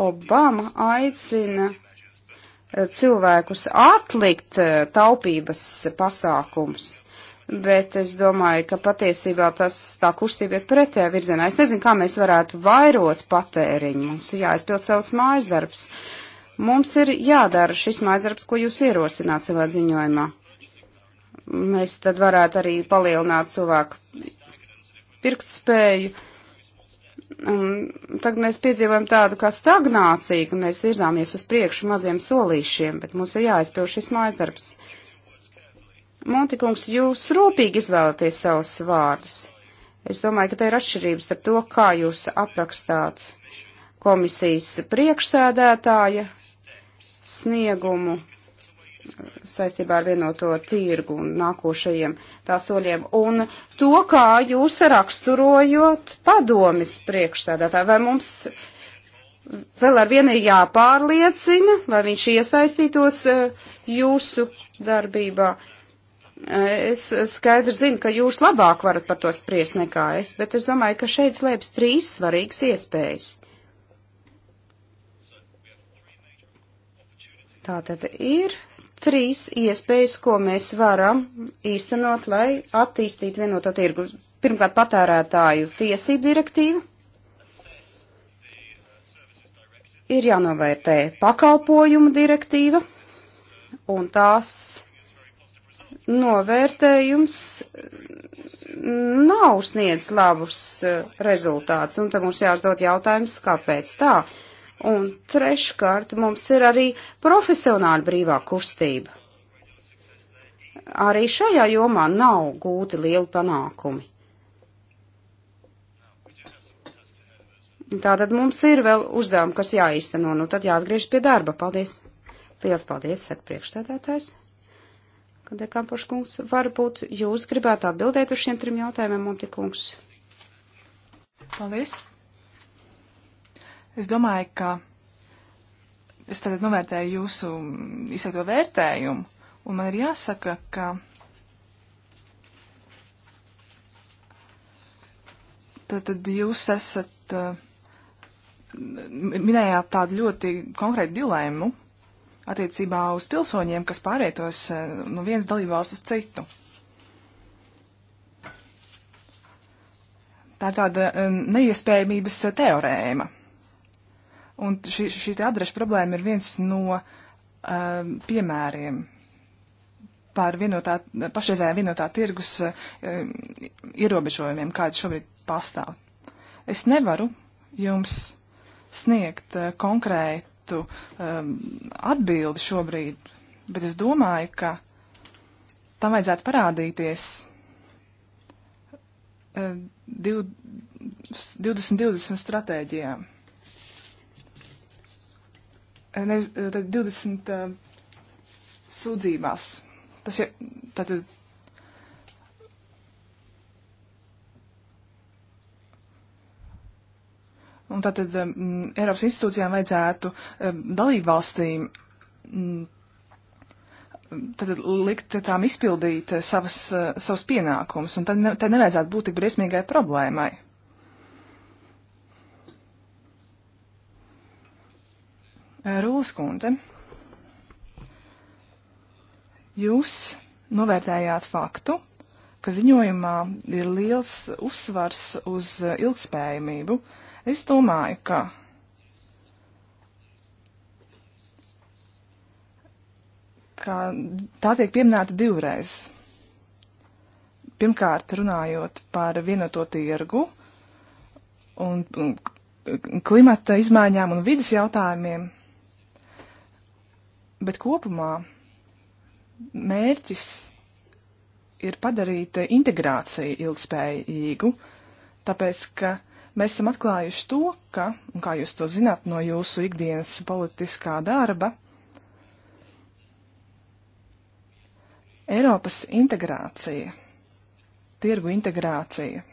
Obama aicina eh, cilvēkus atlikt eh, taupības pasākums bet es domāju, ka patiesībā tas tā kustība ir pretējā virzienā. Es nezinu, kā mēs varētu vairot patēriņu. Mums ir jāizpild savs mājas darbs. Mums ir jādara šis mājas darbs, ko jūs ierosināt savā ziņojumā. Mēs tad varētu arī palielināt cilvēku pirktspēju. Un tagad mēs piedzīvojam tādu kā stagnāciju, ka mēs virzāmies uz priekšu maziem solīšiem, bet mums ir jāizpild šis mājas darbs. Uh, Montikungs, jūs rūpīgi izvēlaties savus vārdus. Es domāju, ka te ir atšķirības starp to, kā jūs aprakstāt komisijas priekšsēdētāja sniegumu saistībā ar vienoto tirgu un nākošajiem tā soļiem, un to, kā jūs raksturojot padomis priekšsēdētāju, vai mums vēl ar vienu ir jāpārliecina, lai viņš iesaistītos eh, jūsu darbībā. Es skaidri zinu, ka jūs labāk varat par to spriest nekā es, bet es domāju, ka šeit slēpjas trīs svarīgas iespējas. Tātad ir trīs iespējas, ko mēs varam īstenot, lai attīstītu vienoto tirgu. Pirmkārt, patērētāju tiesību direktīva. Ir jānovērtē pakalpojumu direktīva un tās novērtējums nav sniedz labus eh, rezultātus, un te mums jāuzdod jautājums, kāpēc tā. Un treškārt mums ir arī profesionāla brīvā kustība. Arī šajā jomā nav gūti lieli panākumi. Tātad mums ir vēl uzdevumi, kas jāīsteno, nu tad jāatgriež pie darba. Paldies! Liels paldies, saka priekšstādātājs! Kad Kampoš kungs, varbūt jūs gribētu atbildēt uz šiem trim
jautājumiem, Monti kungs. Paldies. Es domāju, ka es tad novērtēju jūsu izsēto vērtējumu, un man ir jāsaka, ka tad, tad jūs esat eh, minējāt tādu ļoti konkrētu dilēmu attiecībā uz pilsoņiem, kas pārētos eh, no vienas dalībvalsts uz citu. Tā ir tāda eh, neiespējamības eh, teorēma. Un šī, šī adreša problēma ir viens no uh, piemēriem par vienotā, pašreizējā vienotā tirgus uh, ierobežojumiem, kāds šobrīd pastāv. Es nevaru jums sniegt uh, konkrētu konkrētu um, atbildi šobrīd, bet es domāju, ka tam vajadzētu parādīties um, 2020 stratēģijā. Uh, nevis 20 uh, um, uh, sūdzībās. Tas ir tātad Un tātad um, Eiropas institūcijām vajadzētu um, dalību valstīm um, tātad likt tām izpildīt uh, savas, uh, savus pienākumus, un tad, ne, tad nevajadzētu būt tik briesmīgai problēmai. Eh, Rūlis kundze, jūs novērtējāt faktu, ka ziņojumā ir liels uzsvars uz ilgspējamību. Uh, Es domāju, ka ka tā tiek pieminēta divreiz. Pirmkārt, runājot par vienoto tirgu un, un klimata izmaiņām un vidas jautājumiem, bet kopumā mērķis ir padarīt integrāciju ilgspējīgu, tāpēc, ka Mēs esam atklājuši to, ka, un kā jūs to zināt no jūsu ikdienas politiskā darba, Eiropas integrācija, tirgu integrācija, e,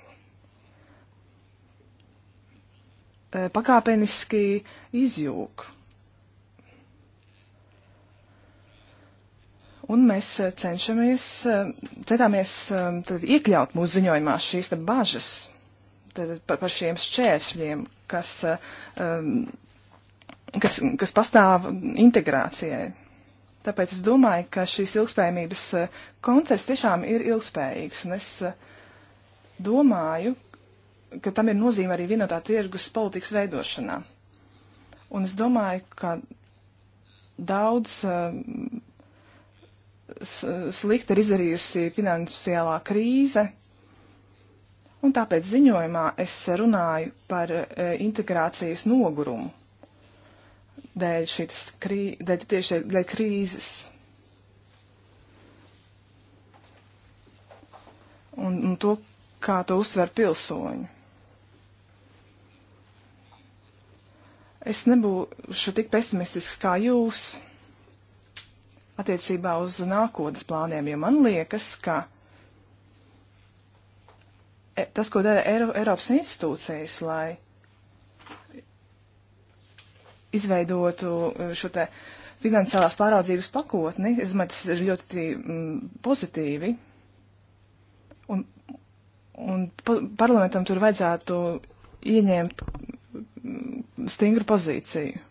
pakāpeniski izjūg. Un mēs e, cenšamies, e, centāmies iekļaut mūsu ziņojumā šīs bažas, par, par šiem šķēršļiem, kas, um, kas, kas pastāv integrācijai. Tāpēc es domāju, ka šīs ilgspējamības uh, koncepts tiešām ir ilgspējīgs, un es uh, domāju, ka tam ir nozīme arī vienotā tirgus politikas veidošanā. Un es domāju, ka daudz uh, slikti ir izdarījusi finansiālā krīze, Un tāpēc ziņojumā es runāju par e, integrācijas nogurumu dēļ šīs krī, dēļ tieši dēļ krīzes. Un, un to, kā to uzsver pilsoņi. Es nebūšu tik pesimistisks kā jūs attiecībā uz nākotnes plāniem, jo man liekas, ka E, tas, ko dara Eiro, Eiropas institūcijas, lai izveidotu e, šo te finansiālās pāraudzības pakotni, es domāju, tas ir ļoti mm, pozitīvi. Un, un pa, parlamentam tur vajadzētu ieņemt mm, stingru pozīciju.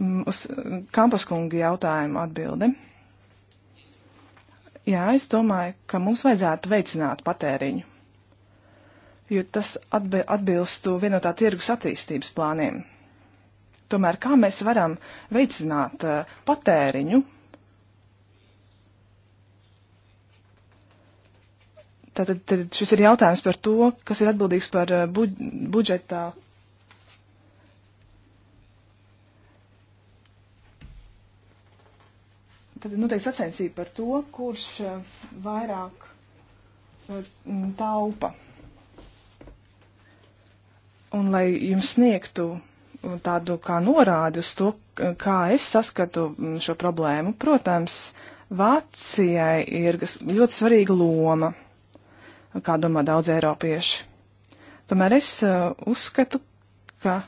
Mm, uz mm, kampaskunga jautājumu atbildi. Jā, es domāju, ka mums vajadzētu veicināt patēriņu, jo tas atbi atbilstu vienotā tirgus attīstības plāniem. Tomēr kā mēs varam veicināt uh, patēriņu? Tātad šis ir jautājums par to, kas ir atbildīgs par eh, uh, budžetā Tad notiek nu, sacensība par to, kurš eh, vairāk eh, taupa. Un lai jums sniegtu eh, tādu kā norādi uz to, kā es saskatu šo problēmu, protams, Vācijai ir ļoti svarīga loma, kā domā daudz eiropieši. Tomēr es uzskatu, ka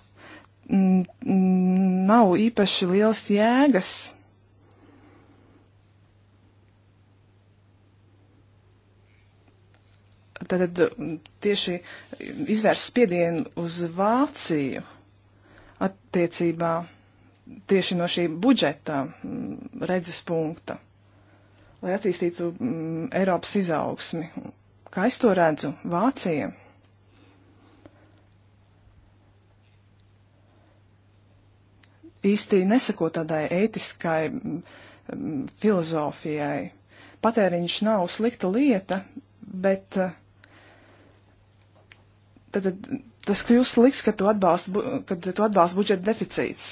nav īpaši liels jēgas tad mm, tieši izvērst spiedienu uz Vāciju attiecībā tieši no šī budžeta mm, redzes punkta, lai attīstītu mm, Eiropas izaugsmi. Kā es to redzu, Vācija īsti nesako tādai ētiskai filozofijai. Patēriņš nav slikta lieta, bet uh, tad, tad tas kļūst slikts, kad tu atbalsti, kad tu atbalsti budžeta deficīts.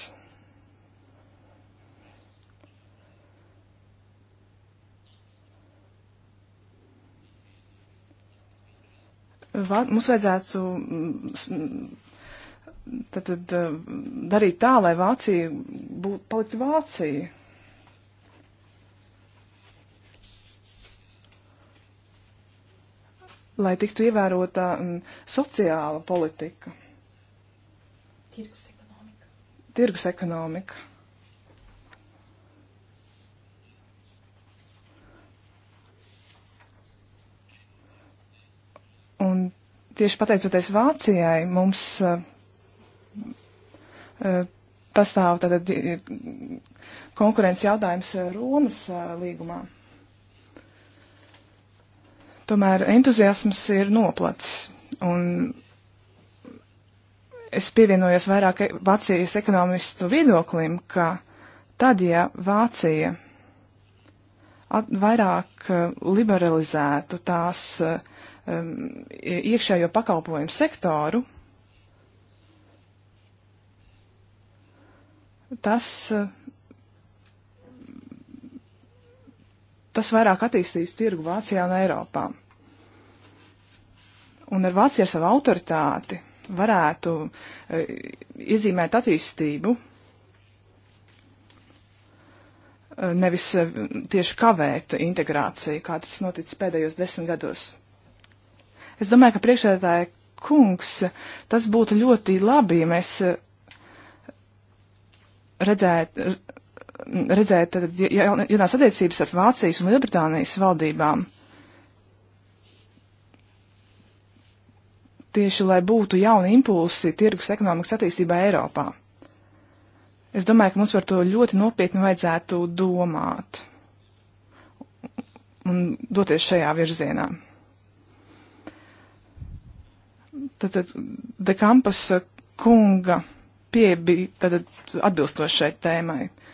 Va, mums vajadzētu mm, tad, tad, eh, darīt tā, lai Vācija būtu palikt Vācija. lai tiktu ievērota mm, sociāla politika. Tirgus ekonomika. Tirgus ekonomika. Un tieši pateicoties Vācijai, mums uh, uh, pastāv tātad eh, konkurences jautājums Romas uh, līgumā. Tomēr entuziasms ir noplacis, un es pievienojos vairāk Vācijas ekonomistu viedoklim, ka tad, ja Vācija at, vairāk uh, liberalizētu tās uh, um, iekšējo pakalpojumu sektoru, tas uh, tas vairāk attīstīs tirgu Vācijā un Eiropā. Un ar Vāciju ar savu autoritāti varētu e, iezīmēt attīstību, e, nevis e, tieši kavēt integrāciju, kā tas noticis pēdējos desmit gados. Es domāju, ka priekšētāja kungs, tas būtu ļoti labi, ja mēs e, redzētu, redzēt tad, ja, jaunās attiecības ar Vācijas un Lielbritānijas valdībām. Tieši lai būtu jauni impulsi tirgus ekonomikas attīstībā Eiropā. Es domāju, ka mums par to ļoti nopietni vajadzētu domāt un doties šajā virzienā. Tad, tad Dekampas kunga pieeja bija atbilstošai tēmai. Uh,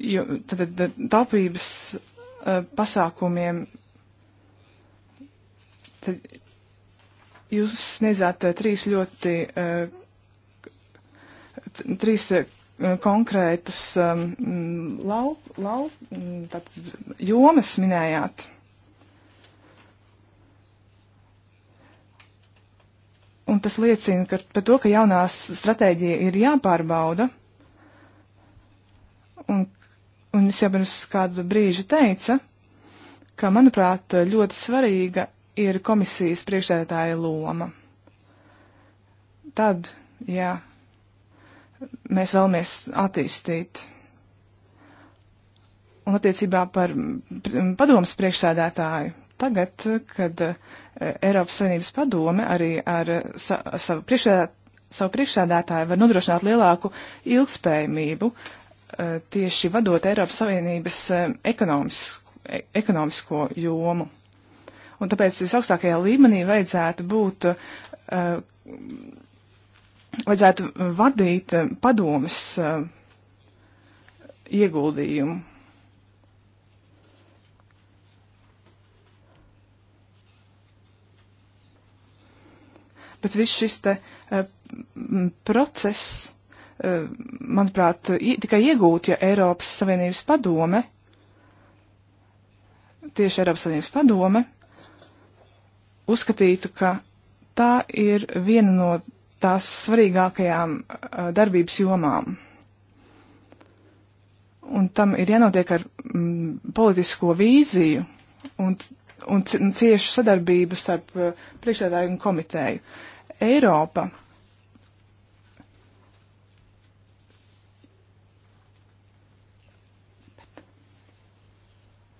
jo, tad, tad taupības uh, pasākumiem tad jūs sniedzāt uh, trīs ļoti, uh, trīs uh, konkrētus um, lau, lau, tātad, jomas minējāt. Un tas liecina ka, par to, ka jaunās stratēģija ir jāpārbauda un Un es jau pirms kādu brīžu teicu, ka, manuprāt, ļoti svarīga ir komisijas priekšsēdētāja loma. Tad, jā, mēs vēlamies attīstīt. Un attiecībā par padomas priekšsēdētāju. Tagad, kad eh, Eiropas Savienības padome arī ar sa savu priekšsēdētāju savu priekšsēdētāju var nodrošināt lielāku ilgspējamību Eh, tieši vadot Eiropas Savienības eh, ekonomis, e-, ekonomisko jomu. Un tāpēc visaugstākajā līmenī vajadzētu būt, eh, vajadzētu vadīt padomas ieguldījumu. Bet viss šis te process E, manuprāt, tikai iegūt, ja Eiropas Savienības padome, tieši Eiropas Savienības padome, uzskatītu, ka tā ir viena no tās svarīgākajām e, darbības jomām. Un tam ir jānotiek ar mm, politisko vīziju un, un ciešu sadarbību starp e, priekšstādāju un komiteju. Eiropa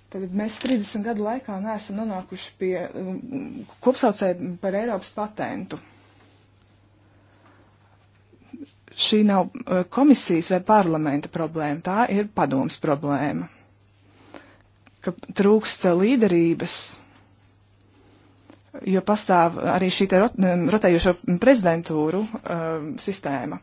Tad mēs 30 gadu laikā neesam nonākuši pie um, kopsaucēja par Eiropas patentu. Šī nav uh, komisijas vai parlamenta problēma, tā ir padomas problēma, ka trūksta līderības jo pastāv arī šī rot, rotējošo prezidentūru um, sistēma.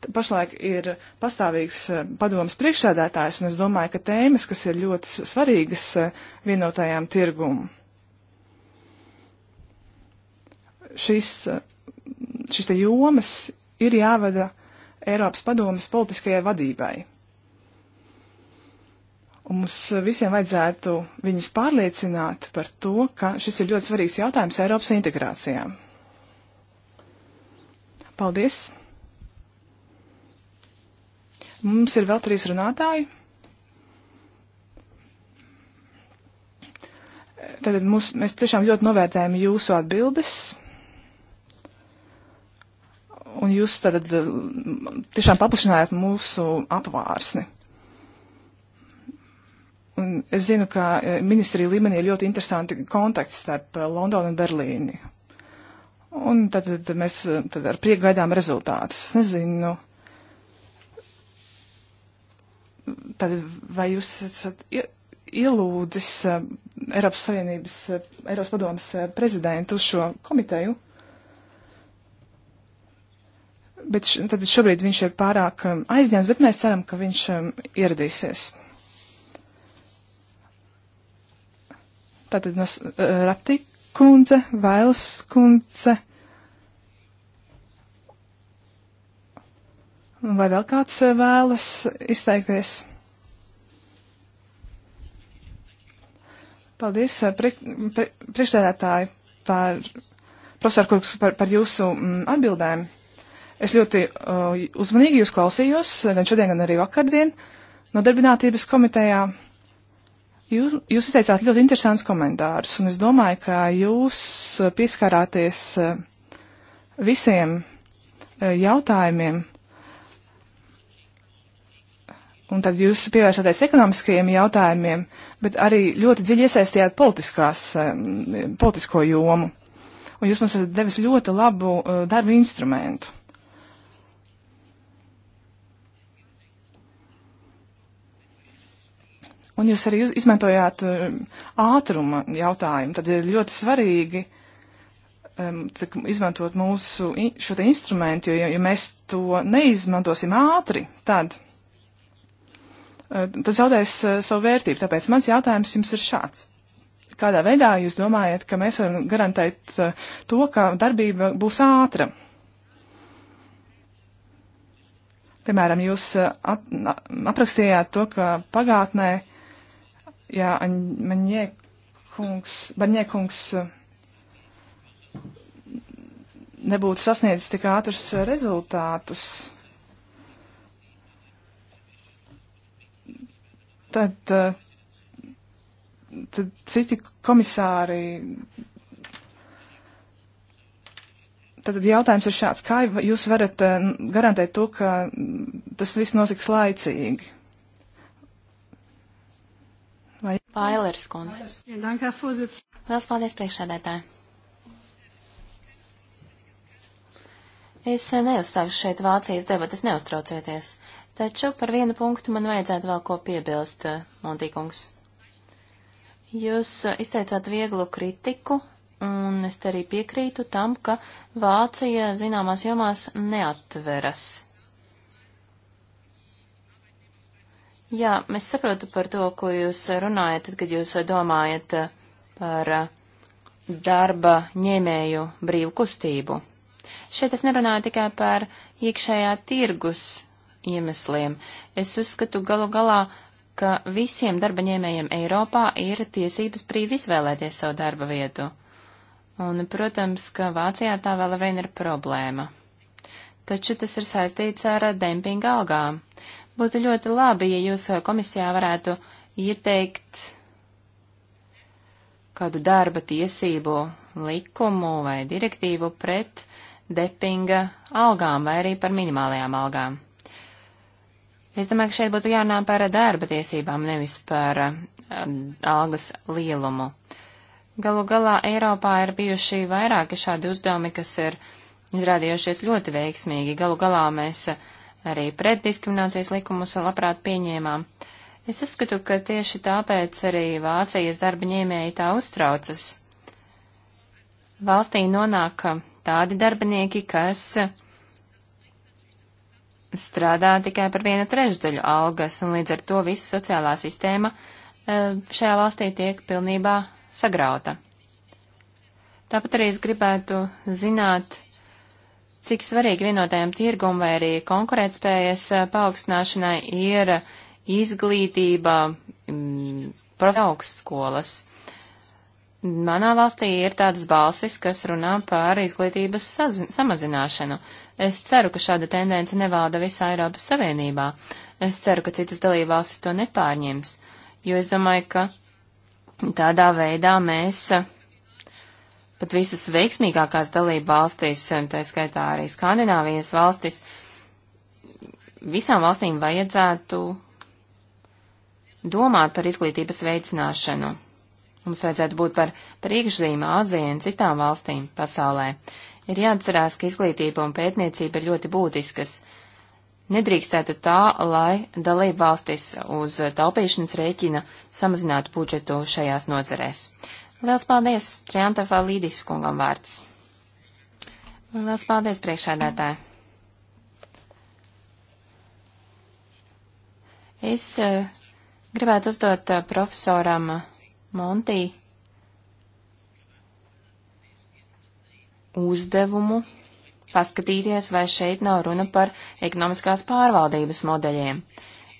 T pašlaik ir pastāvīgs e, padomas priekšsēdētājs, un es domāju, ka tēmas, kas ir ļoti svarīgas e, vienotajām tirgumu. Šis, šis te jomas ir jāvada Eiropas padomas politiskajai vadībai. Un mums visiem vajadzētu viņus pārliecināt par to, ka šis ir ļoti svarīgs jautājums Eiropas integrācijā. Paldies! Mums ir vēl trīs runātāji. Tad mums, mēs tiešām ļoti novērtējam jūsu atbildes. Un jūs tad tiešām paplašinājāt mūsu apvārsni. Un es zinu, ka e, ministrija līmenī ir ļoti interesanti kontakti starp e, Londonu un Berlīni. Un tad, tad mēs e, tad ar prieku gaidām rezultātus. Es nezinu, tad vai jūs esat ielūdzis Eiropas Savienības, Eiropas padomas prezidentu uz šo komiteju? Bet š, tad šobrīd viņš ir pārāk aizņēmis, bet mēs ceram, ka viņš ieradīsies. tātad no eh, Rapti kundze, Vails kundze. Vai vēl kāds eh, vēlas izteikties? Paldies, eh, pri, pri, priekšsēdētāji, par profesoru Kurks, par, par jūsu m, mm, atbildēm. Es ļoti uh, uzmanīgi jūs klausījos, gan šodien, gan arī vakardien, no darbinātības komitejā. Jūs, jūs izteicāt ļoti interesants komentārus, un es domāju, ka jūs eh, pieskārāties eh, visiem eh, jautājumiem, un tad jūs pievērsāties ekonomiskajiem jautājumiem, bet arī ļoti dziļi iesaistījāt politiskās, politisko jomu, un jūs mums esat devis ļoti labu darbu instrumentu. Un jūs arī izmantojāt um, ātruma jautājumu. Tad ir ļoti svarīgi um, izmantot mūsu šo te instrumentu, jo, ja, ja mēs to neizmantosim ātri, tad uh, tas zaudēs uh, savu vērtību. Tāpēc mans jautājums jums ir šāds. Kādā veidā jūs domājat, ka mēs varam garantēt uh, to, ka darbība būs ātra? Piemēram, jūs uh, at, aprakstījāt to, ka pagātnē uh, Jā, Banjēkungs, Banjēkungs eh, nebūtu sasniedzis tik ātrus eh, rezultātus. Tad, eh, tad citi komisāri Tātad jautājums ir šāds, kā jūs varat garantēt to, ka tas viss notiks laicīgi? Vaileris
kundze. Lielas paldies priekšsēdētāji. Es neuzsākšu šeit Vācijas debatas, neuztraucieties. Taču par vienu punktu man vajadzētu vēl ko piebilst, Montīkungs. Jūs izteicāt vieglu kritiku, un es te arī piekrītu tam, ka Vācija zināmās jomās neatveras Jā, mēs saprotu par to, ko jūs runājat, tad, kad jūs domājat par darba ņēmēju brīvu kustību. Šeit es nerunāju tikai par iekšējā tirgus iemesliem. Es uzskatu galu galā, ka visiem darba ņēmējiem Eiropā ir tiesības brīvi izvēlēties savu darba vietu. Un, protams, ka Vācijā tā vēl vien ir problēma. Taču tas ir saistīts ar dempinga algām. Būtu ļoti labi, ja jūs eh, komisijā varētu ieteikt kādu darba tiesību likumu vai direktīvu pret depinga algām vai arī par minimālajām algām. Es domāju, ka šeit būtu jārunā par darba tiesībām, nevis par uh, algas lielumu. Galu galā Eiropā ir bijuši vairāki šādi uzdevumi, kas ir izrādījušies ļoti veiksmīgi. Galu galā mēs uh, arī pretdiskriminācijas likumus labprāt pieņēmām. Es uzskatu, ka tieši tāpēc arī Vācijas darba ņēmēji tā uztraucas. Valstī nonāk tādi darbinieki, kas strādā tikai par vienu trešdaļu algas, un līdz ar to visa sociālā sistēma e, šajā valstī tiek pilnībā sagrauta. Tāpat arī es gribētu zināt, cik svarīgi vienotajam tirgum vai arī konkurētspējas eh, paaugstināšanai ir izglītība, mm, profesija augstskolas. Manā valstī ir tādas balsis, kas runā par izglītības samazināšanu. Es ceru, ka šāda tendence nevalda visā Eiropas Savienībā. Es ceru, ka citas dalībvalstis to nepārņems, jo es domāju, ka tādā veidā mēs pat visas veiksmīgākās dalība valstis, un tā skaitā arī Skandināvijas valstis, visām valstīm vajadzētu domāt par izglītības veicināšanu. Mums vajadzētu būt par priekšzīmē Āzijai un citām valstīm pasaulē. Ir jāatcerās, ka izglītība un pētniecība ir ļoti būtiskas. Nedrīkstētu tā, lai dalība valstis uz taupīšanas rēķina samazinātu budžetu šajās nozarēs. Liels paldies, Triantafā Līdīs kungam vārds. Liels paldies, priekšādētāji. Es uh, gribētu uzdot uh, profesoram eh, Montī uzdevumu paskatīties, vai šeit nav runa par ekonomiskās pārvaldības modeļiem.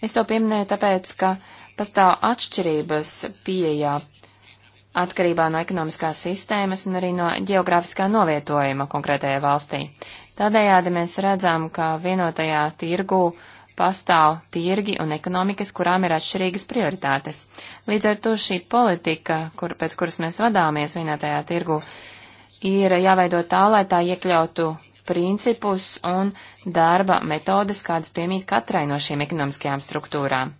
Es to pieminēju tāpēc, ka pastāv atšķirības pieejā atkarībā no ekonomiskās sistēmas un arī no geogrāfiskā novietojuma konkrētajā valstī. Tādējādi mēs redzam, ka vienotajā tirgu pastāv tirgi un ekonomikas, kurām ir atšķirīgas prioritātes. Līdz ar to šī politika, kur, pēc kuras mēs vadāmies vienotajā tirgu, ir jāveido tā, lai tā iekļautu principus un darba metodes, kādas piemīt katrai no šīm ekonomiskajām struktūrām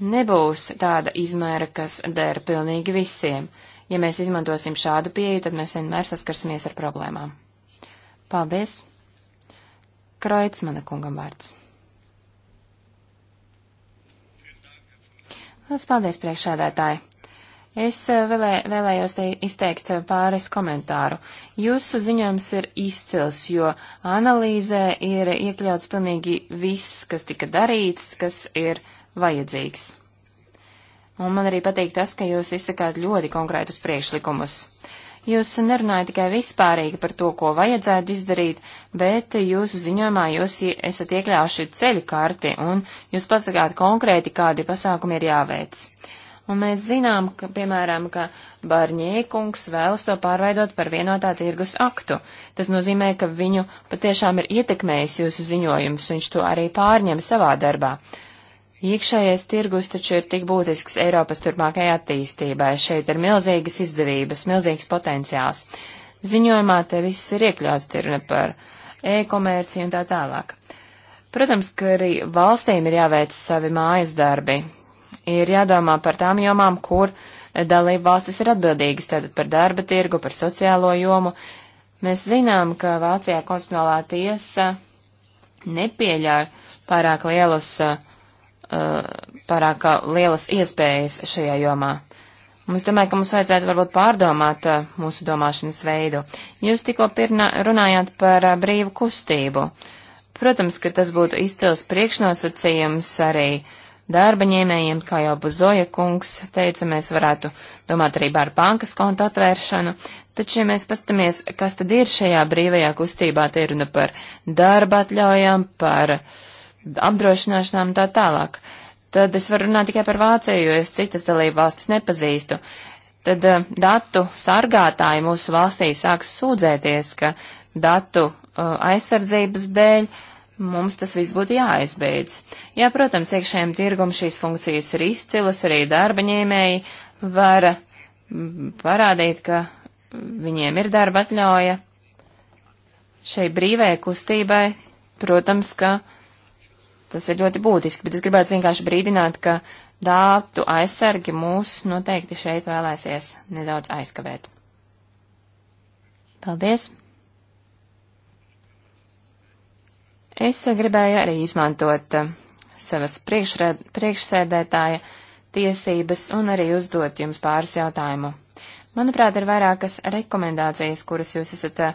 nebūs tāda izmēra, kas der pilnīgi visiem. Ja mēs izmantosim šādu pieeju, tad mēs vienmēr saskarsimies ar problēmām. Paldies! Kroits mana kungam vārds. Lielas paldies, priekšādētāji! Es eh, vēlē, vēlējos te izteikt eh, pāris komentāru. Jūsu ziņojums ir izcils, jo analīzē ir iekļauts pilnīgi viss, kas tika darīts, kas ir uh, vajadzīgs. Un man arī patīk tas, ka jūs izsakāt ļoti konkrētus priekšlikumus. Jūs nerunājat tikai vispārīgi par to, ko vajadzētu izdarīt, bet jūsu ziņojumā jūs esat iekļāvuši ceļu karti un jūs pasakāt konkrēti, kādi pasākumi ir jāveic. Un mēs zinām, ka, piemēram, ka Barņēkungs vēlas to pārveidot par vienotā tirgus aktu. Tas nozīmē, ka viņu patiešām ir ietekmējis jūsu ziņojums, viņš to arī pārņem savā darbā. Iekšējais tirgus taču ir tik būtisks Eiropas turpmākajai attīstībai. Šeit ir milzīgas izdevības, milzīgs potenciāls. Ziņojumā te viss ir iekļauts, ir runa par e-komerciju un tā tālāk. Protams, ka arī valstīm ir jāveic savi mājas darbi. Ir jādomā par tām jomām, kur dalība valstis ir atbildīgas, tātad par darba tirgu, par sociālo jomu. Mēs zinām, ka Vācijā konstitucionālā tiesa nepieļauj pārāk lielus uh, Eh, pārāk lielas iespējas šajā jomā. Un es domāju, ka mums vajadzētu varbūt pārdomāt eh, mūsu domāšanas veidu. Jūs tikko pirna, runājāt par eh, brīvu kustību. Protams, ka tas būtu izcils priekšnosacījums arī darba ņēmējiem, kā jau Buzoja kungs teica, mēs varētu domāt arī par bankas kontu atvēršanu, taču, ja mēs pastamies, kas tad ir šajā brīvajā kustībā, te runa par darba atļaujām, par uh, apdrošināšanām un tā tālāk. Tad es varu runāt tikai par Vāciju, jo es citas dalību valstis nepazīstu. Tad eh, datu sargātāji mūsu valstī sāks sūdzēties, ka datu eh, aizsardzības dēļ mums tas viss būtu jāaizbeidz. Jā, protams, iekšējiem tirgum šīs funkcijas ir izcilas, arī darbaņēmēji var parādīt, ka viņiem ir darba atļauja. Šai brīvai kustībai, protams, ka Tas ir ļoti būtiski, bet es gribētu vienkārši brīdināt, ka dātu aizsargi mūs noteikti šeit vēlēsies nedaudz aizkavēt. Paldies! Es gribēju arī izmantot uh, savas priekšsēdētāja tiesības un arī uzdot jums pāris jautājumu. Manuprāt, ir vairākas rekomendācijas, kuras jūs esat uh,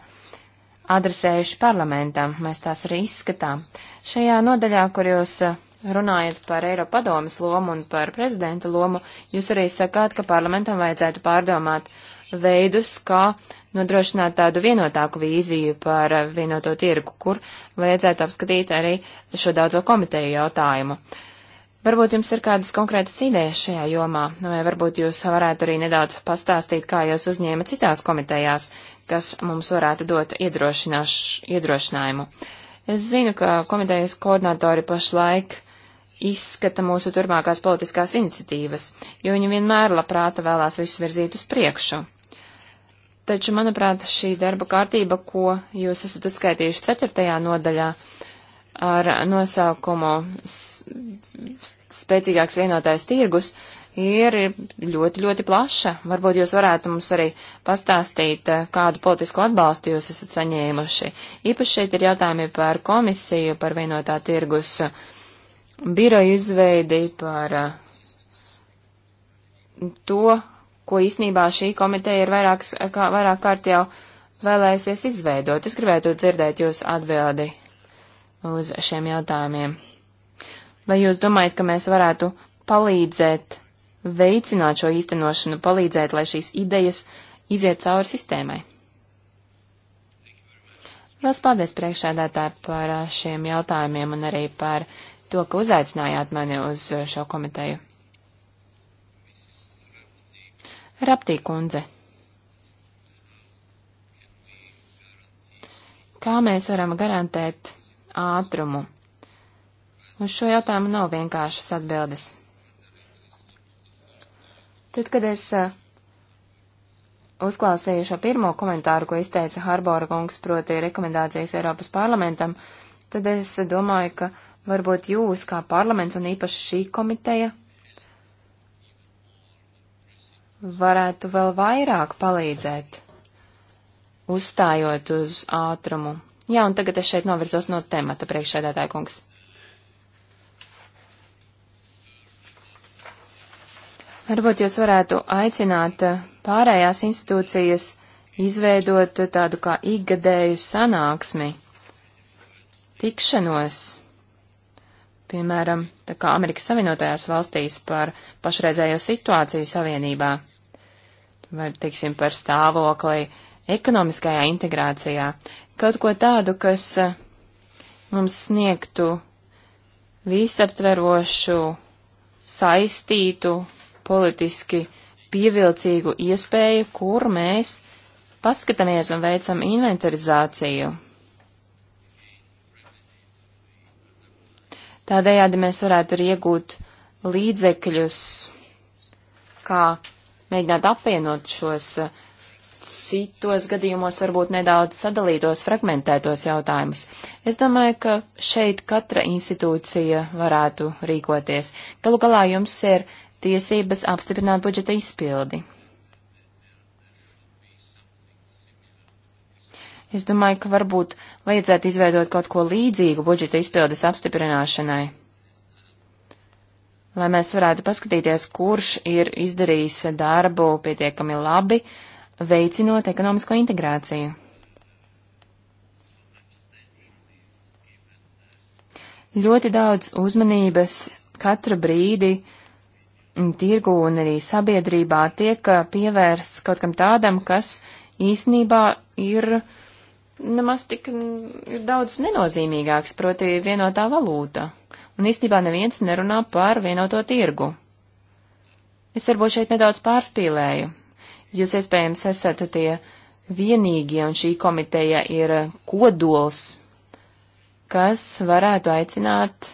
adresējuši parlamentam, mēs tās arī izskatām. Šajā nodaļā, kur jūs eh, runājat par Eiropadomas lomu un par prezidenta lomu, jūs arī sakāt, ka parlamentam vajadzētu pārdomāt veidus, kā nodrošināt tādu vienotāku vīziju par eh, vienoto tirgu, kur vajadzētu apskatīt arī šo daudzo komiteju jautājumu. Varbūt jums ir kādas konkrētas idejas šajā jomā, vai varbūt jūs varētu arī nedaudz pastāstīt, kā jūs uzņēma citās komitejās kas mums varētu dot iedrošinājumu. Es zinu, ka komitejas koordinatori pašlaik izskata mūsu turpmākās politiskās iniciatīvas, jo viņi vienmēr labprāt vēlās visu virzīt uz priekšu. Taču, manuprāt, šī darba kārtība, ko jūs esat uzskaitījuši 4. nodaļā ar nosaukumu spēcīgāks vienotais tirgus, ir ļoti, ļoti plaša. Varbūt jūs varētu mums arī pastāstīt, eh, kādu politisko atbalstu jūs esat saņēmuši. Īpaši šeit ir jautājumi par komisiju, par vienotā tirgus eh, biroju izveidi, par eh, to, ko īsnībā šī komiteja ir vairākas, kā, vairāk kārt jau vēlējusies izveidot. Es gribētu dzirdēt jūs atbildi uz šiem jautājumiem. Vai jūs domājat, ka mēs varētu palīdzēt veicināt šo īstenošanu, palīdzēt, lai šīs idejas iziet cauri sistēmai. Lielas paldies priekšādātāji par uh, šiem jautājumiem un arī par to, ka uzaicinājāt mani uz uh, šo komiteju. Raptī kundze. Kā mēs varam garantēt ātrumu? Uz šo jautājumu nav vienkāršas atbildes. Tad, kad es eh, uzklausīju šo pirmo komentāru, ko izteica Harbora kungs, proti rekomendācijas Eiropas parlamentam, tad es domāju, ka varbūt jūs kā parlaments un īpaši šī komiteja varētu vēl vairāk palīdzēt, uzstājot uz ātrumu. Jā, un tagad es šeit novirzos no temata priekšēdētāja kungs. Varbūt jūs varētu aicināt eh, pārējās institūcijas izveidot tādu kā ikgadēju sanāksmi, tikšanos, piemēram, tā kā Amerikas Savienotajās valstīs par pašreizējo situāciju savienībā, vai, teiksim, par stāvokli ekonomiskajā integrācijā, kaut ko tādu, kas eh, mums sniegtu visaptverošu, saistītu politiski pievilcīgu iespēju, kur mēs paskatāmies un veicam inventarizāciju. Tādējādi mēs varētu arī iegūt līdzekļus, kā mēģināt apvienot šos uh, citos gadījumos varbūt nedaudz sadalītos, fragmentētos jautājumus. Es domāju, ka šeit katra institūcija varētu rīkoties. Galu galā jums ir tiesības apstiprināt budžeta izpildi. Es domāju, ka varbūt vajadzētu izveidot kaut ko līdzīgu budžeta izpildes apstiprināšanai, lai mēs varētu paskatīties, kurš ir izdarījis darbu pietiekami labi, veicinot ekonomisko integrāciju. Ļoti daudz uzmanības katru brīdi uh, Mm, tirgu un arī sabiedrībā tiek uh, pievērsts kaut kam tādam, kas īsnībā ir nemaz tik mm, ir daudz nenozīmīgāks, proti vienotā valūta. Un īstenībā neviens nerunā par vienoto tirgu. Es varbūt šeit nedaudz pārspīlēju. Jūs iespējams esat tie vienīgie, un šī komiteja ir kodols, kas varētu aicināt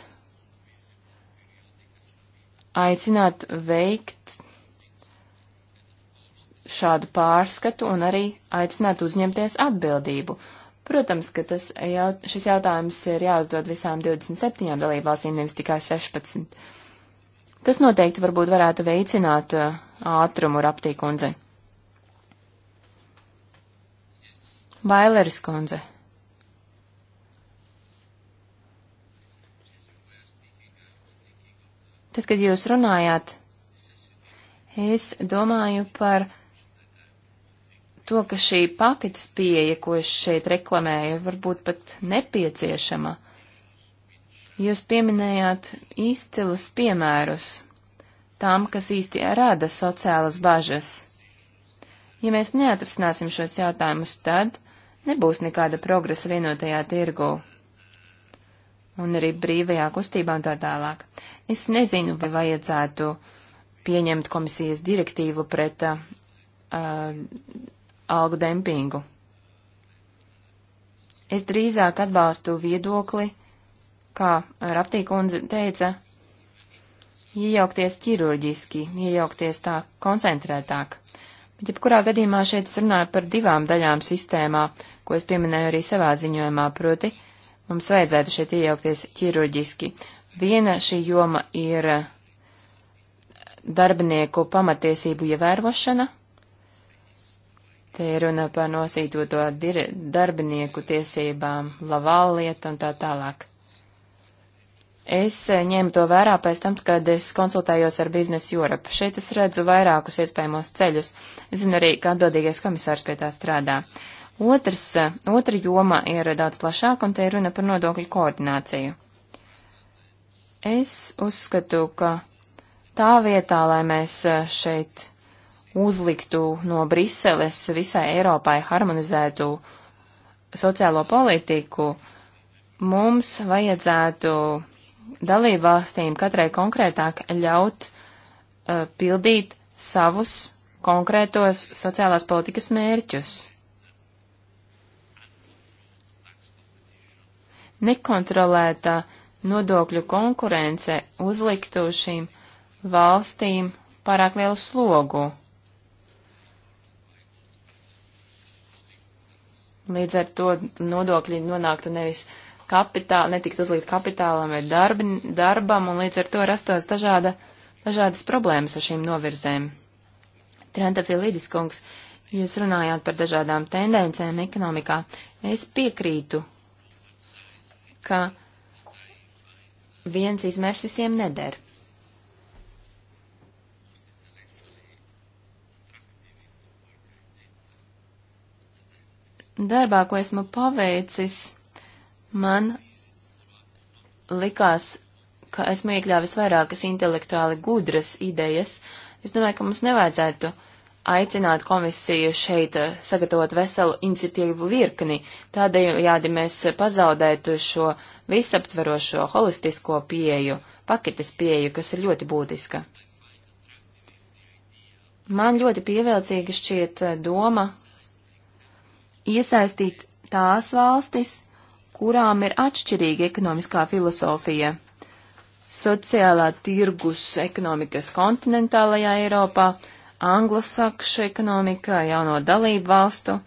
aicināt veikt šādu pārskatu un arī aicināt uzņemties atbildību. Protams, ka tas, jau, šis jautājums ir jāuzdod visām 27 dalībvalstīm, nevis tikai 16. Tas noteikti varbūt varētu veicināt uh, ātrumu raptīkundze. Baileris kundze. Baileris kundze. Tad, kad jūs runājāt, es domāju par to, ka šī paketes pieeja, ko es šeit reklamēju, varbūt pat nepieciešama. Jūs pieminējāt izcilus piemērus tām, kas īsti rada sociālas bažas. Ja mēs neatrisināsim šos jautājumus, tad nebūs nekāda progresa vienotajā tirgū un arī brīvajā kustībā un tā tālāk. Es nezinu, vai vajadzētu pieņemt komisijas direktīvu pret uh, uh algu dempingu. Es drīzāk atbalstu viedokli, kā Raptīkundze teica, iejaukties ķirurģiski, iejaukties tā koncentrētāk. Bet, ja kurā gadījumā šeit es runāju par divām daļām sistēmā, ko es pieminēju arī savā ziņojumā, proti, mums vajadzētu šeit iejaukties ķirurģiski, Viena šī joma ir eh, darbinieku pamatiesību ievērošana. Te ir runa par nosītoto darbinieku tiesībām, lavālieta un tā tālāk. Es eh, ņēmu to vērā pēc tam, kad es konsultējos ar Business Europe. Šeit es redzu vairākus iespējamos ceļus. Es zinu arī, ka atbildīgais komisārs pie tā strādā. Otrs, eh, otra joma ir daudz plašāka, un te ir runa par nodokļu koordināciju. Es uzskatu, ka tā vietā, lai mēs e, šeit uzliktu no Briseles visai Eiropai harmonizētu sociālo politiku, mums vajadzētu dalību valstīm katrai konkrētāk ļaut uh, pildīt savus konkrētos sociālās politikas mērķus. Nekontrolēta uh, nodokļu konkurence uzliktu šīm valstīm pārāk lielu slogu. Līdz ar to nodokļi nonāktu nevis kapitāla, netiktu uzlikt kapitālam, bet darbi, darbam, un līdz ar to rastos dažāda, dažādas problēmas ar šīm novirzēm. Trenta Filidis kungs, jūs runājāt par dažādām tendencēm ekonomikā. Es piekrītu, ka viens izmērs visiem neder. Darbā, ko esmu paveicis, man likās, ka esmu iekļāvis vairākas intelektuāli gudras idejas. Es domāju, ka mums nevajadzētu aicināt komisiju šeit eh, sagatavot veselu iniciatīvu virkni. Tādējādi mēs pazaudētu šo visaptverošo holistisko pieju, paketes pieju, kas ir ļoti būtiska. Man ļoti pievilcīga šķiet eh, doma iesaistīt tās valstis, kurām ir atšķirīga ekonomiskā filozofija - sociālā tirgus ekonomikas kontinentālajā Eiropā, anglosakšu ekonomika, jauno dalību valstu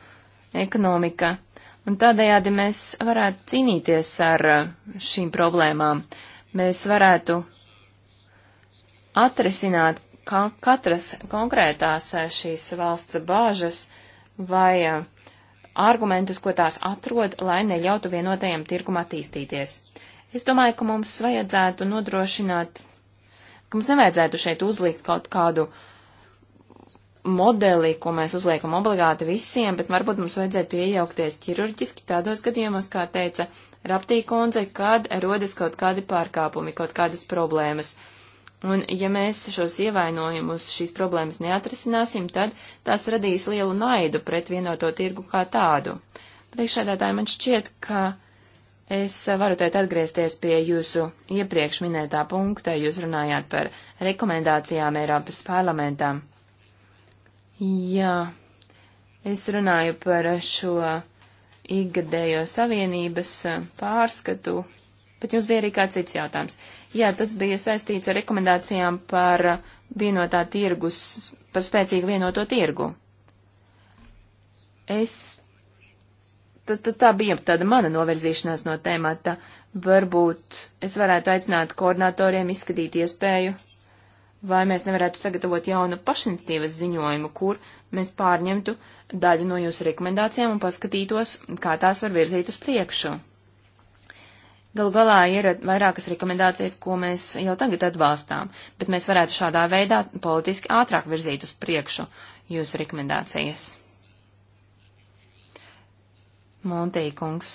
ekonomika. Un tādējādi mēs varētu cīnīties ar eh, šīm problēmām. Mēs varētu atrisināt ka katras konkrētās eh, šīs valsts bāžas vai eh, argumentus, ko tās atrod, lai neļautu vienotajam tirgum attīstīties. Es domāju, ka mums vajadzētu nodrošināt, ka mums nevajadzētu šeit uzlikt kaut kādu uh, modeli, ko mēs uzliekam obligāti visiem, bet varbūt mums vajadzētu iejaukties ķirurģiski tādos gadījumos, kā teica Raptī kundze, kad rodas kaut kādi pārkāpumi, kaut kādas problēmas. Un ja mēs šos ievainojumus, šīs problēmas neatrisināsim, tad tās radīs lielu naidu pret vienoto tirgu kā tādu. Priekšsēdētāji, man šķiet, ka es varu teikt atgriezties pie jūsu iepriekš minētā punkta, jūs runājāt par rekomendācijām Eiropas parlamentām. Jā, es runāju par šo ikgadējo savienības pārskatu, bet jums bija arī kāds cits jautājums. Jā, tas bija saistīts ar rekomendācijām par vienotā tirgus, par spēcīgu vienoto tirgu. Es tad, tad tā bija tāda mana novirzīšanās no tēmata. Varbūt es varētu aicināt koordinatoriem izskatīt iespēju vai mēs nevarētu sagatavot jaunu pašiniciatīvas ziņojumu, kur mēs pārņemtu daļu no jūsu rekomendācijām un paskatītos, kā tās var virzīt uz priekšu. Galu galā ir vairākas rekomendācijas, ko mēs jau tagad atbalstām, bet mēs varētu šādā veidā politiski ātrāk virzīt uz priekšu jūsu rekomendācijas. Montīkungs.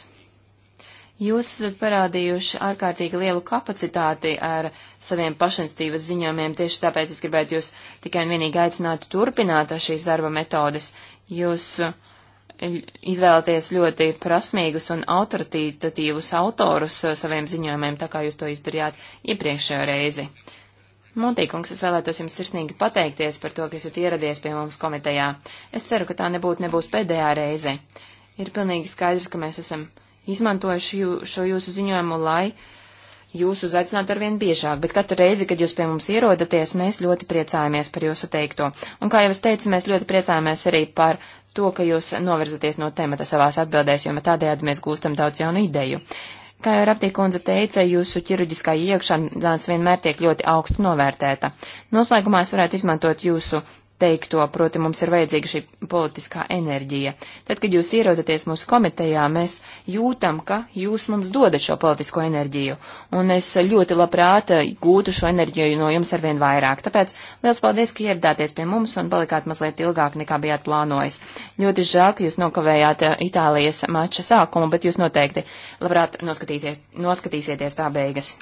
Jūs esat parādījuši ārkārtīgi lielu kapacitāti ar saviem pašinstīvas ziņojumiem, tieši tāpēc es gribētu jūs tikai un vienīgi aicināt turpināt šīs darba metodes. Jūs eh, izvēlaties ļoti prasmīgus un autoritatīvus autorus eh, saviem ziņojumiem, tā kā jūs to izdarījāt iepriekšējo reizi. Montīkungs, es vēlētos jums sirsnīgi pateikties par to, ka esat ieradies pie mums komitejā. Es ceru, ka tā nebūtu nebūs pēdējā reize. Ir pilnīgi skaidrs, ka mēs esam izmantoju šo, šo jūsu ziņojumu, lai jūs uzaicinātu arvien biežāk, bet katru reizi, kad jūs pie mums ierodaties, mēs ļoti priecājamies par jūsu teikto. Un, kā jau es teicu, mēs ļoti priecājamies arī par to, ka jūs novirzaties no temata savās atbildēs, jo tādējādi mēs gūstam daudz jaunu ideju. Kā jau Raptīkundze teica, jūsu ķirurģiskā iekšanās vienmēr tiek ļoti augstu novērtēta. Noslēgumā es varētu izmantot jūsu teikto, proti mums ir vajadzīga šī politiskā enerģija. Tad, kad jūs ierodaties mūsu komitejā, mēs jūtam, ka jūs mums dodat šo politisko enerģiju, un es ļoti labprāt eh, gūtu šo enerģiju no jums arvien vairāk. Tāpēc liels paldies, ka ieradāties pie mums un palikāt mazliet ilgāk nekā bijāt plānojis. Ļoti žēl, ka jūs nokavējāt eh, Itālijas mača sākumu, bet jūs noteikti labprāt noskatīsieties tā beigas.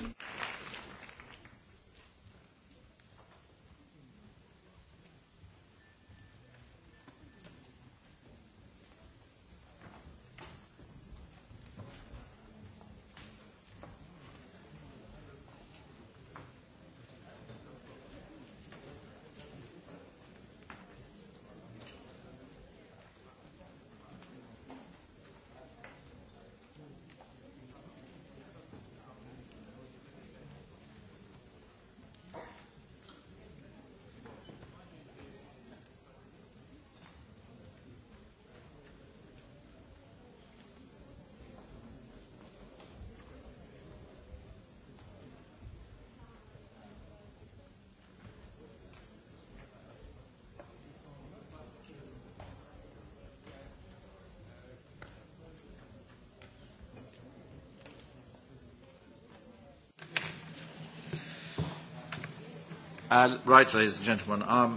Uh, right, ladies and gentlemen. Um,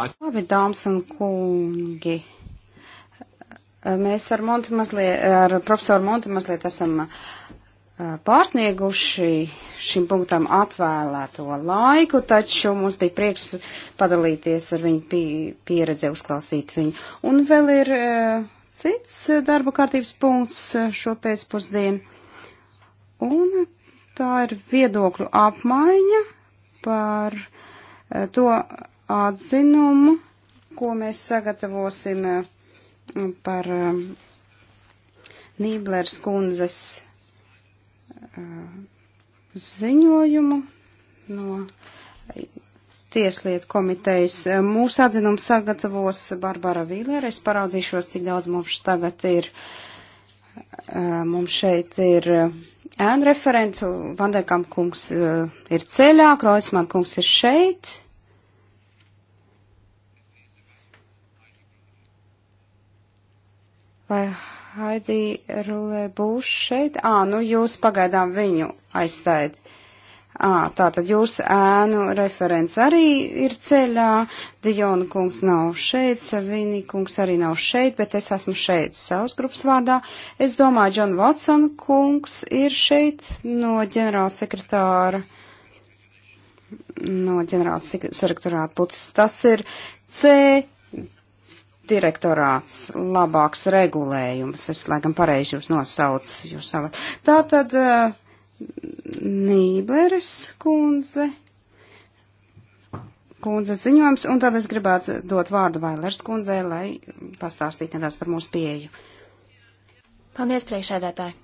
I... Labi, dāmas un kungi. Uh, mēs ar, Monti mazliet, ar profesoru Monti mazliet esam uh, pārsnieguši šim punktam atvēlēto laiku, taču mums bija prieks padalīties ar viņu pieredzi, uzklausīt viņu. Un vēl ir uh, cits darba kārtības punkts šo pēcpusdienu. Un tā ir viedokļu apmaiņa par Eh, to atzinumu, ko mēs sagatavosim eh, par eh, Nīblers kundzes ziņojumu no Tieslietu komitejas. Mūsu atzinums sagatavos Barbara Vīlēra. Es paraudzīšos, cik daudz mums tagad ir. Mums šeit ir ēnu referentu. Vandekam kungs uh, ir ceļā, Kroisman kungs ir šeit. Vai Haidī Rulē būs šeit? Ā, nu jūs pagaidām viņu aizstājat. À, tātad jūs ēnu referents arī ir ceļā, Diona kungs nav šeit, Savini kungs arī nav šeit, bet es esmu šeit savas grupas vārdā. Es domāju, John Watson kungs ir šeit no ģenerāla sekretāra, no ģenerāla sekretorāta puses. Tas ir C direktorāts, labāks regulējums, es laikam pareizi jūs nosaucu, jūs savat. Tātad. Uh, Nībleres kundze. Kundze ziņojums, un tad es gribētu dot vārdu Vailers kundzei, lai pastāstītu nedaudz par mūsu pieeju.
Paldies, priekšēdētāji!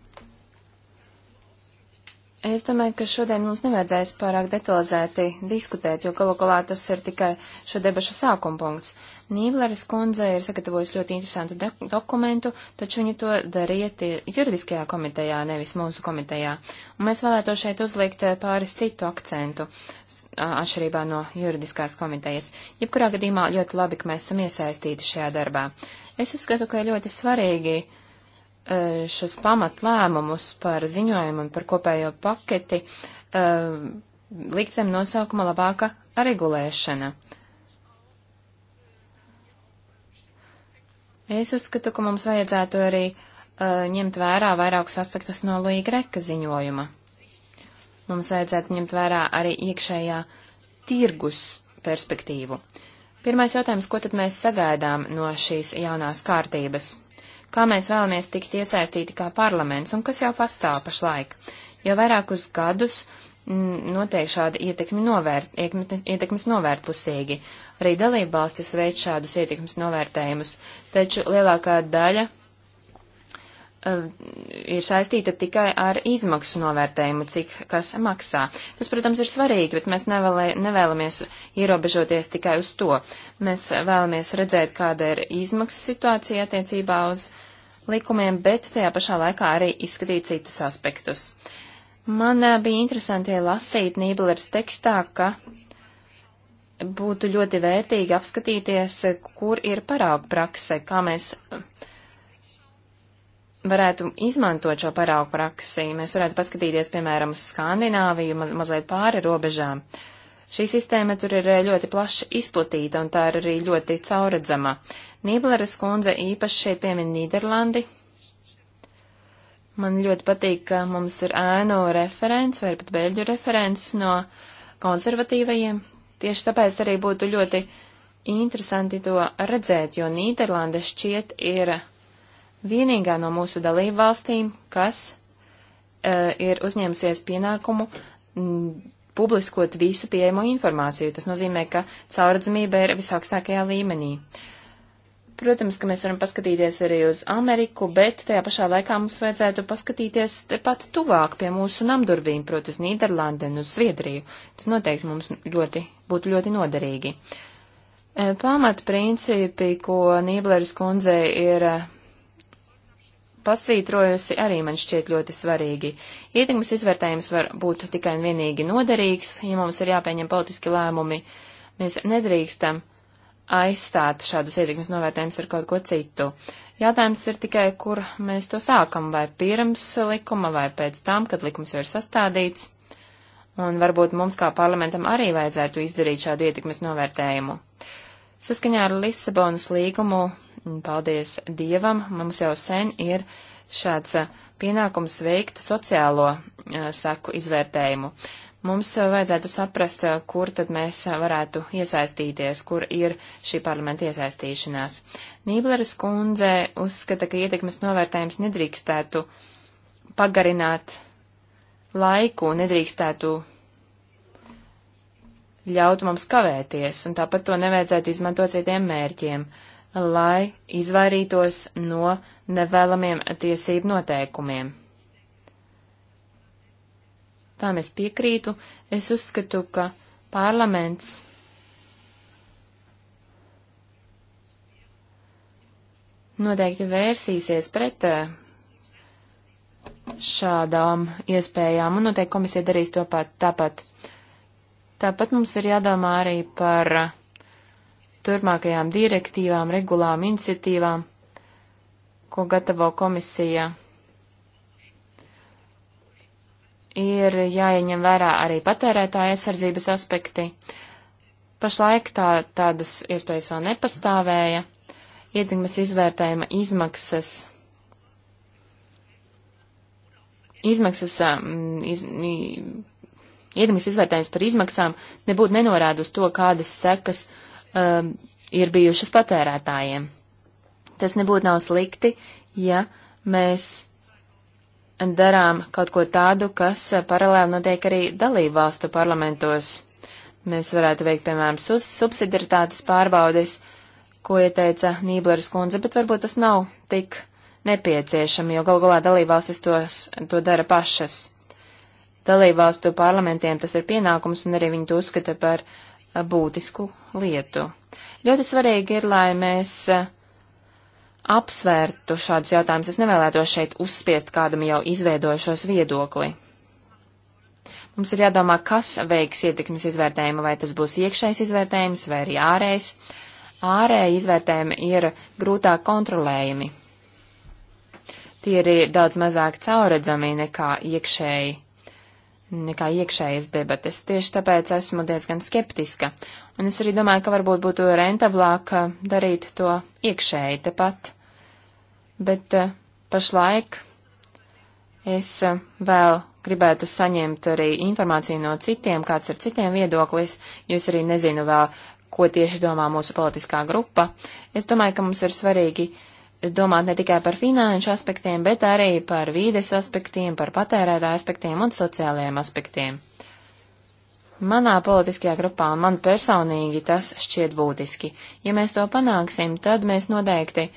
Es domāju, ka šodien mums nevajadzēs pārāk detalizēti diskutēt, jo galu galā tas ir tikai šo debašu sākuma punkts. Uh, Nīvleres kundze ir sagatavojusi ļoti interesantu dokumentu, taču viņa to darīja juridiskajā komitejā, nevis mūsu komitejā. Un mēs vēlētu šeit uzlikt eh, pāris citu akcentu, atšķirībā no juridiskās komitejas. Jebkurā gadījumā ļoti labi, ka mēs esam iesaistīti šajā darbā. Es uzskatu, ka ļoti svarīgi eh, šos pamatlēmumus par ziņojumu un par kopējo paketi eh, likt zem nosaukuma labāka regulēšana. Es uzskatu, ka mums vajadzētu arī uh, ņemt vērā vairākus aspektus no Līja Greka ziņojuma. Mums vajadzētu ņemt vērā arī iekšējā tirgus perspektīvu. Pirmais jautājums, ko tad mēs sagaidām no šīs jaunās kārtības? Kā mēs vēlamies tikt iesaistīti kā parlaments un kas jau pastāv pašlaik? Jau vairākus gadus notiek šādi ietekmi novērt, ietekmes novērt pusīgi. Arī dalībvalstis veic šādus ietekmes novērtējumus, taču lielākā daļa eh, ir saistīta tikai ar izmaksu novērtējumu, cik kas maksā. Tas, protams, ir svarīgi, bet mēs nevēlē, nevēlamies ierobežoties tikai uz to. Mēs vēlamies redzēt, kāda ir izmaksu situācija attiecībā uz likumiem, bet tajā pašā laikā arī izskatīt citus aspektus. Man eh, bija interesanti lasīt Nībelers tekstā, ka būtu ļoti vērtīgi apskatīties, kur ir parauga prakse, kā mēs varētu izmantot šo paraugu praksi. Mēs varētu paskatīties, piemēram, uz Skandināviju, ma mazliet pāri robežām. Šī sistēma tur ir ļoti plaši izplatīta un tā ir arī ļoti cauredzama. Nībleres kundze īpaši šeit piemin Nīderlandi. Man ļoti patīk, ka mums ir ēnu referents vai pat beļģu referents no konservatīvajiem Tieši tāpēc arī būtu ļoti interesanti to redzēt, jo Nīderlanda šķiet ir vienīgā no mūsu dalību valstīm, kas uh, ir uzņēmusies pienākumu m, publiskot visu pieejamo informāciju. Tas nozīmē, ka caurdzamība ir visaugstākajā līmenī. Uh, Protams, ka mēs varam paskatīties arī uz Ameriku, bet tajā pašā laikā mums vajadzētu paskatīties tepat tuvāk pie mūsu namdurvīm, proti uz Nīderlandi un uz Zviedriju. Tas noteikti mums ļoti, būtu ļoti noderīgi. E, pamatprincipi, ko Nībleris kundze ir e, pasvītrojusi, arī man šķiet ļoti svarīgi. Ietekmes izvērtējums var būt tikai un vienīgi noderīgs, ja mums ir jāpieņem politiski lēmumi. Mēs nedrīkstam uh, aizstāt šādus ietekmes novērtējumus ar kaut ko citu. Jautājums ir tikai, kur mēs to sākam, vai pirms likuma, vai pēc tam, kad likums jau ir sastādīts. Un varbūt mums kā parlamentam arī vajadzētu izdarīt šādu ietekmes novērtējumu. Saskaņā ar Lisabonas līgumu, paldies Dievam, mums jau sen ir šāds pienākums veikt sociālo uh, saku izvērtējumu. Uh, Mums eh, vajadzētu saprast, eh, kur tad mēs eh, varētu iesaistīties, kur ir šī parlamenta iesaistīšanās. Nībleres kundze uzskata, ka ietekmes novērtējums nedrīkstētu pagarināt laiku, nedrīkstētu ļaut mums kavēties, un tāpat to nevajadzētu izmantot citiem mērķiem lai izvairītos no nevēlamiem tiesību noteikumiem tām es piekrītu. Es uzskatu, ka parlaments noteikti vērsīsies pret eh, šādām iespējām, un noteikti komisija darīs to pat tāpat. Tāpat mums ir jādomā arī par turpmākajām direktīvām, regulām, iniciatīvām, ko gatavo komisija ir jāieņem vērā arī patērētāja aizsardzības aspekti. Pašlaik tā, tādas iespējas vēl nepastāvēja. Ietekmes izvērtējuma izmaksas. Izmaksas, um, iz, ietekmes izvērtējums par izmaksām nebūtu nenorāda uz to, kādas sekas um, ir bijušas patērētājiem. Tas nebūtu nav slikti, ja mēs darām kaut ko tādu, kas eh, paralēli notiek arī dalību valstu parlamentos. Mēs varētu veikt, piemēram, subsidiaritātes pārbaudes, ko ieteica Nībleris kundze, bet varbūt tas nav tik nepieciešami, jo gal galā dalībvalstis tos, to dara pašas. Dalībvalstu parlamentiem tas ir pienākums, un arī viņi to uzskata par eh, būtisku lietu. Ļoti svarīgi ir, lai mēs uh, apsvērtu šādus jautājumus. Es nevēlētos šeit uzspiest kādam jau izveidojušos viedokli. Mums ir jādomā, kas veiks ietekmes izvērtējumu, vai tas būs iekšējs izvērtējums vai arī ārējs. Ārēji izvērtējumi ir grūtāk kontrolējami. Tie ir daudz mazāk cauredzami nekā iekšēji, nekā iekšējas debates. Tieši tāpēc esmu diezgan skeptiska. Un es arī domāju, ka varbūt būtu rentablāk uh, darīt to iekšēji tepat bet eh, pašlaik es eh, vēl gribētu saņemt arī informāciju no citiem, kāds ir citiem viedoklis, jūs arī nezinu vēl, ko tieši domā mūsu politiskā grupa. Es domāju, ka mums ir svarīgi domāt ne tikai par finanšu aspektiem, bet arī par vīdes aspektiem, par patērētāju aspektiem un sociālajiem aspektiem. Manā politiskajā grupā un man personīgi tas šķiet būtiski. Ja mēs to panāksim, tad mēs noteikti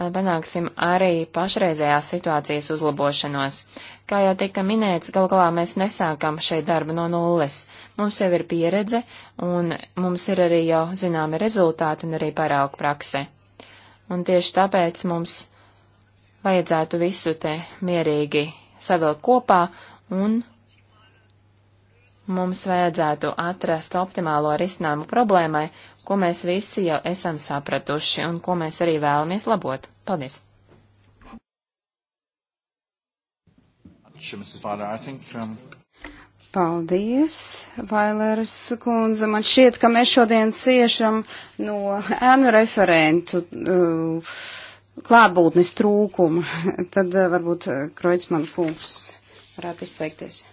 panāksim arī pašreizējās situācijas uzlabošanos. Kā jau tika minēts, gal galā mēs nesākam šeit darbu no nulles. Mums jau ir pieredze, un mums ir arī jau zināmi rezultāti un arī parauga prakse. Un tieši tāpēc mums vajadzētu visu te mierīgi savilkt kopā un Mums vajadzētu atrast optimālo risinājumu problēmai, ko mēs visi jau esam sapratuši un ko mēs arī vēlamies labot. Paldies! Um,
Paldies, Vailers kundze. Man šķiet, ka mēs šodien ciešam no ēnu referentu uh, klātbūtnes trūkuma. Tad uh, varbūt uh, Kreutzmann kungs varētu izteikties.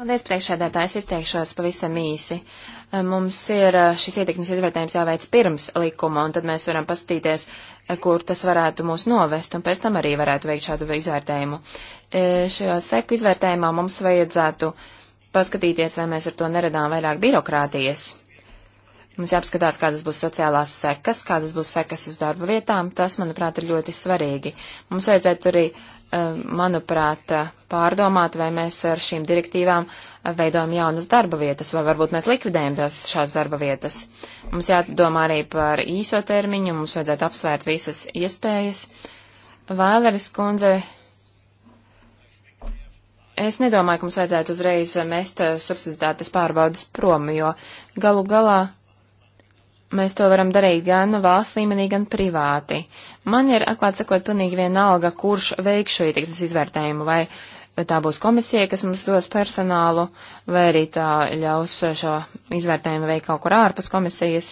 Paldies, priekšsēdētājs, izteikšos pavisam īsi. Eh, mums ir eh, šis ietekmes izvērtējums jāveic pirms likuma, un tad mēs varam paskatīties, eh, kur tas varētu mūs novest, un pēc tam arī varētu veikt šādu izvērtējumu. Šajā seku izvērtējumā mums vajadzētu paskatīties, vai mēs ar to neredām vairāk birokrātijas. Mums jāapskatās, kādas būs sociālās sekas, kādas būs sekas uz darba vietām. Tas, manuprāt, ir ļoti svarīgi. Mums vajadzētu arī Eh, manuprāt, eh, pārdomāt, vai mēs ar šīm direktīvām eh, veidojam jaunas darba vietas, vai varbūt mēs likvidējam tās šās darba vietas. Mums jādomā arī par īso termiņu, mums vajadzētu apsvērt visas iespējas. Vēleris kundze, es nedomāju, ka mums vajadzētu uzreiz mest subsiditātes pārbaudas prom, jo galu galā Mēs to varam darīt gan valsts līmenī, gan privāti. Man ir, atklāt sakot, pilnīgi vienalga, kurš veiks šo ietekmes izvērtējumu, vai tā būs komisija, kas mums dos personālu, vai arī tā ļaus šo izvērtējumu veikt kaut kur ārpus komisijas.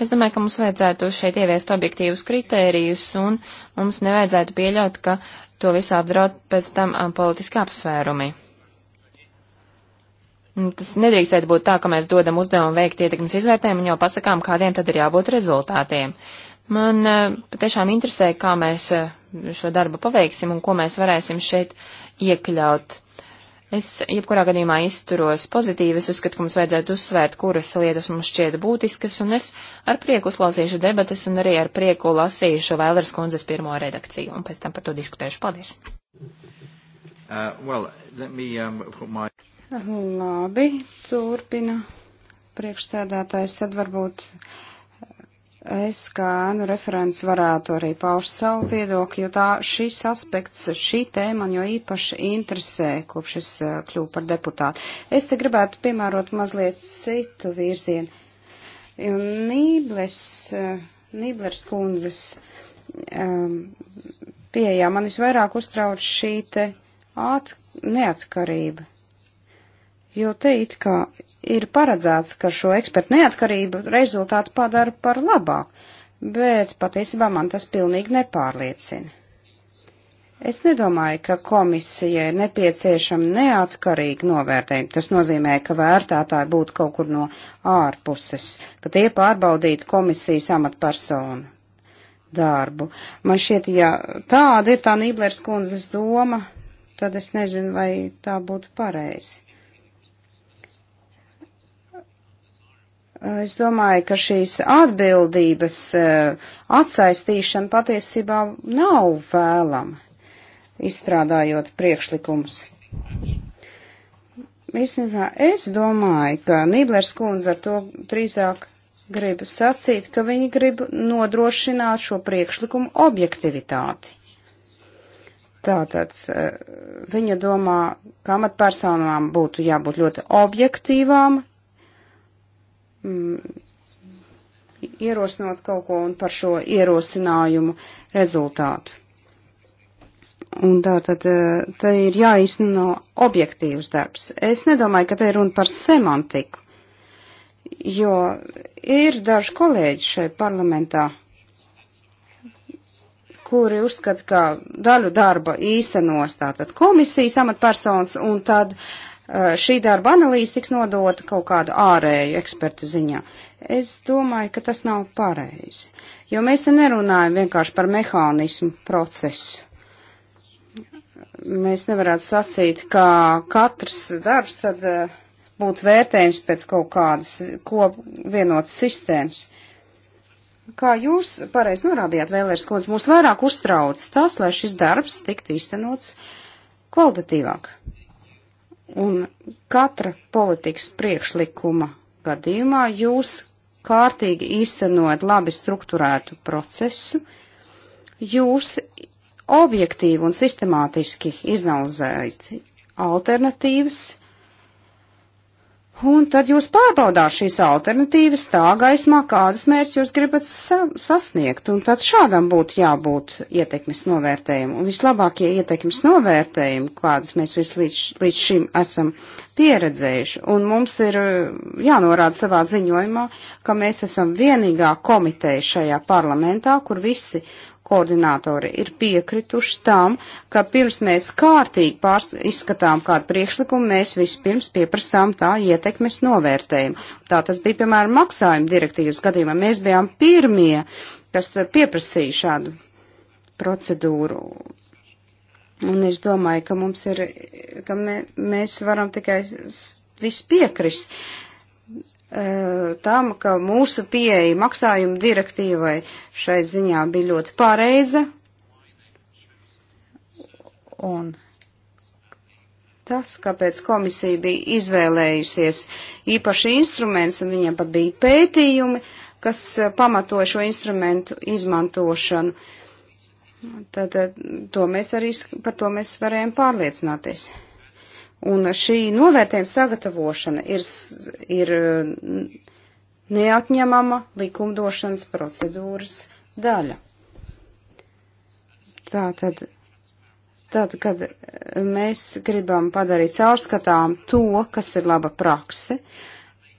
Es domāju, ka mums vajadzētu šeit ieviest objektīvus kritērijus, un mums nevajadzētu pieļaut, ka to visu apdraud pēc tam um, politiski apsvērumi. Mm, tas nedrīkstētu būt tā, ka mēs dodam uzdevumu veikt ietekmes izvērtējumu un jau pasakām, kādiem tad ir jābūt rezultātiem. Man eh, patiešām interesē, kā mēs eh, šo darbu paveiksim un ko mēs varēsim šeit iekļaut. Es jebkurā gadījumā izturos pozitīvi, es uzskatu, ka mums vajadzētu uzsvērt, kuras lietas mums šķiet būtiskas, un es ar prieku uzklausīšu debatas un arī ar prieku lasīšu Vēlers kundzes pirmo redakciju, un pēc tam par to diskutēšu. Paldies! Uh, well, let me um, put my
Labi, turpina priekšsēdētājs. Tad varbūt es kā nu, referents varētu arī paust savu viedokli, jo tā šis aspekts, šī tēma man jo īpaši interesē, kopš es eh, kļūpu par deputātu. Es te gribētu piemērot mazliet citu virzienu. Un Nībles, eh, Nīblers kundzes um, pieejā man visvairāk uztrauc šī te at, neatkarība jo te it kā ir paredzēts, ka šo ekspertu neatkarību rezultātu padara par labāk, bet patiesībā man tas pilnīgi nepārliecina. Es nedomāju, ka komisijai nepieciešama neatkarīga novērtējuma. Tas nozīmē, ka vērtētāji būtu kaut kur no ārpuses, ka tie pārbaudītu komisijas amatpersonu darbu. Man šķiet, ja tāda ir tā Nīblers kundzes doma, tad es nezinu, vai tā būtu pareizi. Eh, es domāju, ka šīs atbildības eh, atsaistīšana patiesībā nav vēlama, izstrādājot priekšlikumus. Īstenībā es domāju, ka Nīblers kundze ar to drīzāk grib sacīt, ka viņi grib nodrošināt šo priekšlikumu objektivitāti. Tātad eh, viņa domā, ka amatpersonām būtu jābūt ļoti objektīvām, mm, ierosināt kaut ko un par šo ierosinājumu rezultātu. Un tā tad eh, te ir jāizno objektīvs darbs. Es nedomāju, ka te ir runa par semantiku, jo ir daži kolēģi šeit parlamentā, kuri uzskata, ka daļu darba īstenos tātad komisijas amatpersonas un tad uh, Eh, šī darba analīze tiks nodota kaut kādu ārēju ekspertu ziņā. Es domāju, ka tas nav pareizi, jo mēs te nerunājam vienkārši par mehānismu procesu. Mēs nevarētu sacīt, ka katrs darbs tad eh, būtu vērtējums pēc kaut kādas kop vienotas sistēmas. Kā jūs pareizi norādījāt, vēlērs kodz, mūs vairāk uztrauc tas, lai šis darbs tiktu īstenots kvalitatīvāk. Un katra politikas priekšlikuma gadījumā jūs kārtīgi īstenot labi strukturētu procesu, jūs objektīvi un sistemātiski izanalizējat alternatīvas, Un tad jūs pārbaudāt šīs alternatīvas tā gaismā, kādas mērķus jūs gribat sa sasniegt. Un tad šādam būtu jābūt ietekmes novērtējumam. Un vislabākie ietekmes novērtējumi, kādus mēs visu līdz, līdz šim esam pieredzējuši. Un mums ir uh, jānorāda savā ziņojumā, ka mēs esam vienīgā komiteja šajā parlamentā, kur visi koordinātori ir piekrituši tam, ka pirms mēs kārtīgi pārs, izskatām kādu priekšlikumu, mēs vispirms pieprasām tā ietekmes novērtējumu. Tā tas bija, piemēram, maksājuma direktīvas gadījumā. Mēs bijām pirmie, kas pieprasīja šādu procedūru. Un es domāju, ka mums ir, ka mē, mēs varam tikai vispiekrist. piekrist E, tam, ka mūsu pieeja maksājuma direktīvai šai ziņā bija ļoti pareiza. Un tas, kāpēc komisija bija izvēlējusies īpaši instruments, un viņiem pat bija pētījumi, kas e, pamatoja šo instrumentu izmantošanu. Tad, e, to mēs arī, par to mēs varējām pārliecināties. Un šī novērtējuma sagatavošana ir, ir mm, neatņemama likumdošanas procedūras daļa. Tātad, tad, kad mēs gribam padarīt caurskatām to, kas ir laba prakse,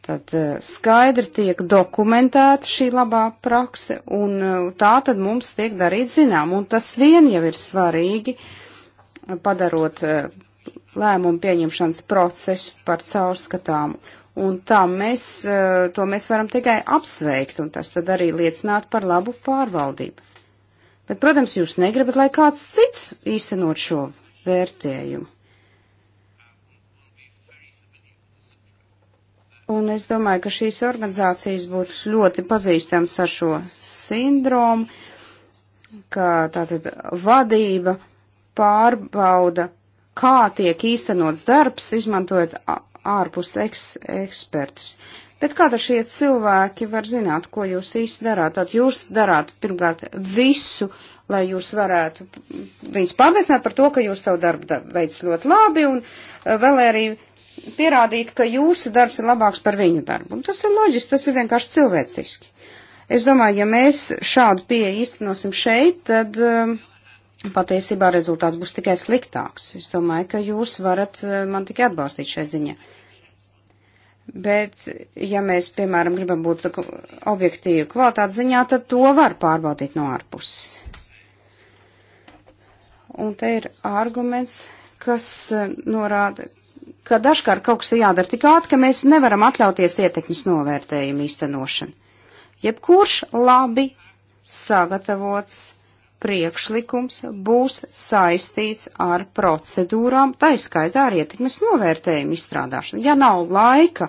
tad eh, skaidri tiek dokumentēta šī labā prakse, un eh, tā tad mums tiek darīt zinām, un tas vien jau ir svarīgi, padarot eh, lēmumu pieņemšanas procesu par caurskatāmu. Un tā mēs, e, to mēs varam tikai apsveikt, un tas tad arī liecinātu par labu pārvaldību. Bet, protams, jūs negribat, lai kāds cits īstenot šo vērtējumu. Un es domāju, ka šīs organizācijas būtu ļoti pazīstams ar šo sindromu, ka tātad vadība pārbauda kā tiek īstenots darbs, izmantojot ārpus eks ekspertus. Bet kāda šie cilvēki var zināt, ko jūs īsti darāt? Tad jūs darāt pirmkārt visu, lai jūs varētu viņus pārliecināt par to, ka jūs savu darbu veic ļoti labi un vēl arī pierādīt, ka jūsu darbs ir labāks par viņu darbu. Un tas ir loģiski, tas ir vienkārši cilvēciski. Es domāju, ja mēs šādu pieeju īstenosim šeit, tad. Uh, patiesībā rezultāts būs tikai sliktāks. Es domāju, ka jūs varat eh, man tikai atbalstīt šai ziņā. Bet, ja mēs, piemēram, gribam būt objektīvi kvalitātes ziņā, tad to var pārbaudīt no ārpuses. Un te ir arguments, kas eh, norāda, ka dažkārt kaut kas ir jādara tik ātri, ka mēs nevaram atļauties ietekmes novērtējumu īstenošanu. Jebkurš labi sagatavots priekšlikums būs saistīts ar procedūrām, tā izskaitā ar ietekmes novērtējumu izstrādāšanu. Ja nav laika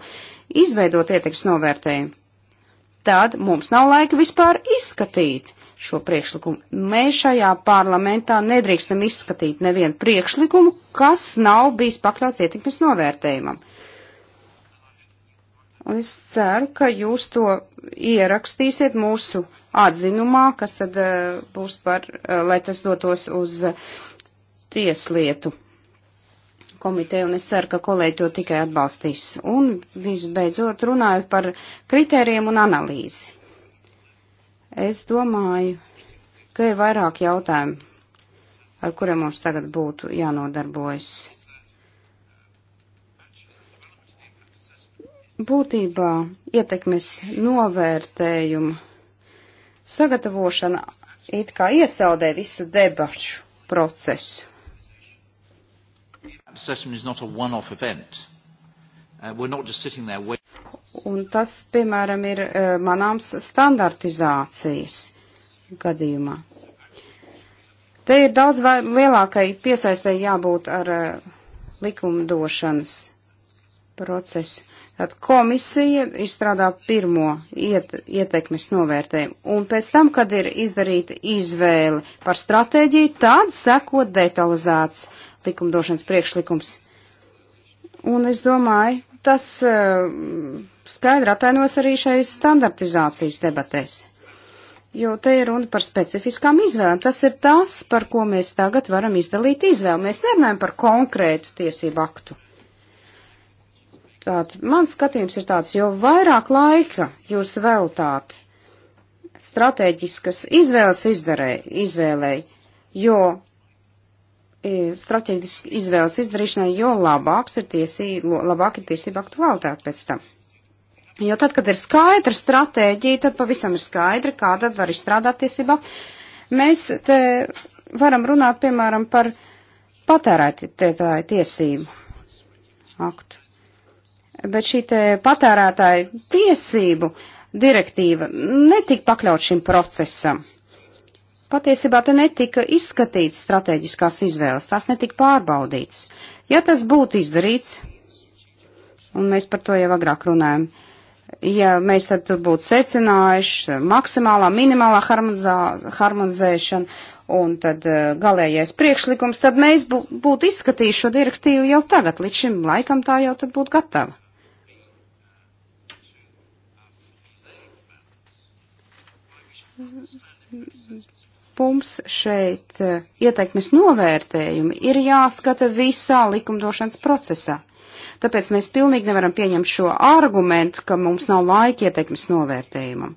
izveidot ietekmes novērtējumu, tad mums nav laika vispār izskatīt šo priekšlikumu. Mēs šajā parlamentā nedrīkstam izskatīt nevienu priekšlikumu, kas nav bijis pakļauts ietekmes novērtējumam. Un es ceru, ka jūs to ierakstīsiet mūsu atzinumā, kas tad eh, būs par, eh, lai tas dotos uz eh, tieslietu komiteju, un es ceru, ka kolēģi to tikai atbalstīs. Un visbeidzot runājot par kritērijiem un analīzi. Es domāju, ka ir vairāk jautājumu, ar kuriem mums tagad būtu jānodarbojas. Būtībā ietekmes novērtējumu sagatavošana it kā iesaudē visu debašu procesu. Uh, Un tas, piemēram, ir uh, manāms standartizācijas gadījumā. Te ir daudz lielākai piesaistē jābūt ar uh, likumdošanas procesu. Tad komisija izstrādā pirmo iet, ietekmes novērtējumu, un pēc tam, kad ir izdarīta izvēle par stratēģiju, tad seko detalizēts likumdošanas priekšlikums. Un es domāju, tas uh, skaidri atainos arī šai standartizācijas debatēs. Jo te ir runa par specifiskām izvēlēm. Tas ir tas, par ko mēs tagad varam izdalīt izvēli. Mēs nerunājam par konkrētu tiesību aktu. Tātad mans skatījums ir tāds, jo vairāk laika jūs veltāt strateģiskas izvēles izdarē, izvēlēji, jo e, strateģiski izvēles izdarīšanai, jo labāks ir tiesība, labāk ir tiesība aktualitāte pēc tam. Jo tad, kad ir skaidra stratēģija, tad pavisam ir skaidra, kā tad var izstrādāt tiesībā. Mēs te varam runāt, piemēram, par patērētāju tiesību aktu bet šī patērētāja tiesību direktīva netika pakļaut šim procesam. Patiesībā te netika izskatīts strateģiskās izvēles, tās netika pārbaudītas. Ja tas būtu izdarīts, un mēs par to jau agrāk runājam, ja mēs tad tur būtu secinājuši maksimālā, minimālā harmonizā, harmonizēšana, un tad eh, galējais priekšlikums, tad mēs būtu izskatījuši šo direktīvu jau tagad, līdz šim laikam tā jau tad būtu gatava. mums šeit e, ieteikmes novērtējumi ir jāskata visā likumdošanas procesā. Tāpēc mēs pilnīgi nevaram pieņemt šo argumentu, ka mums nav laika ieteikmes novērtējumam,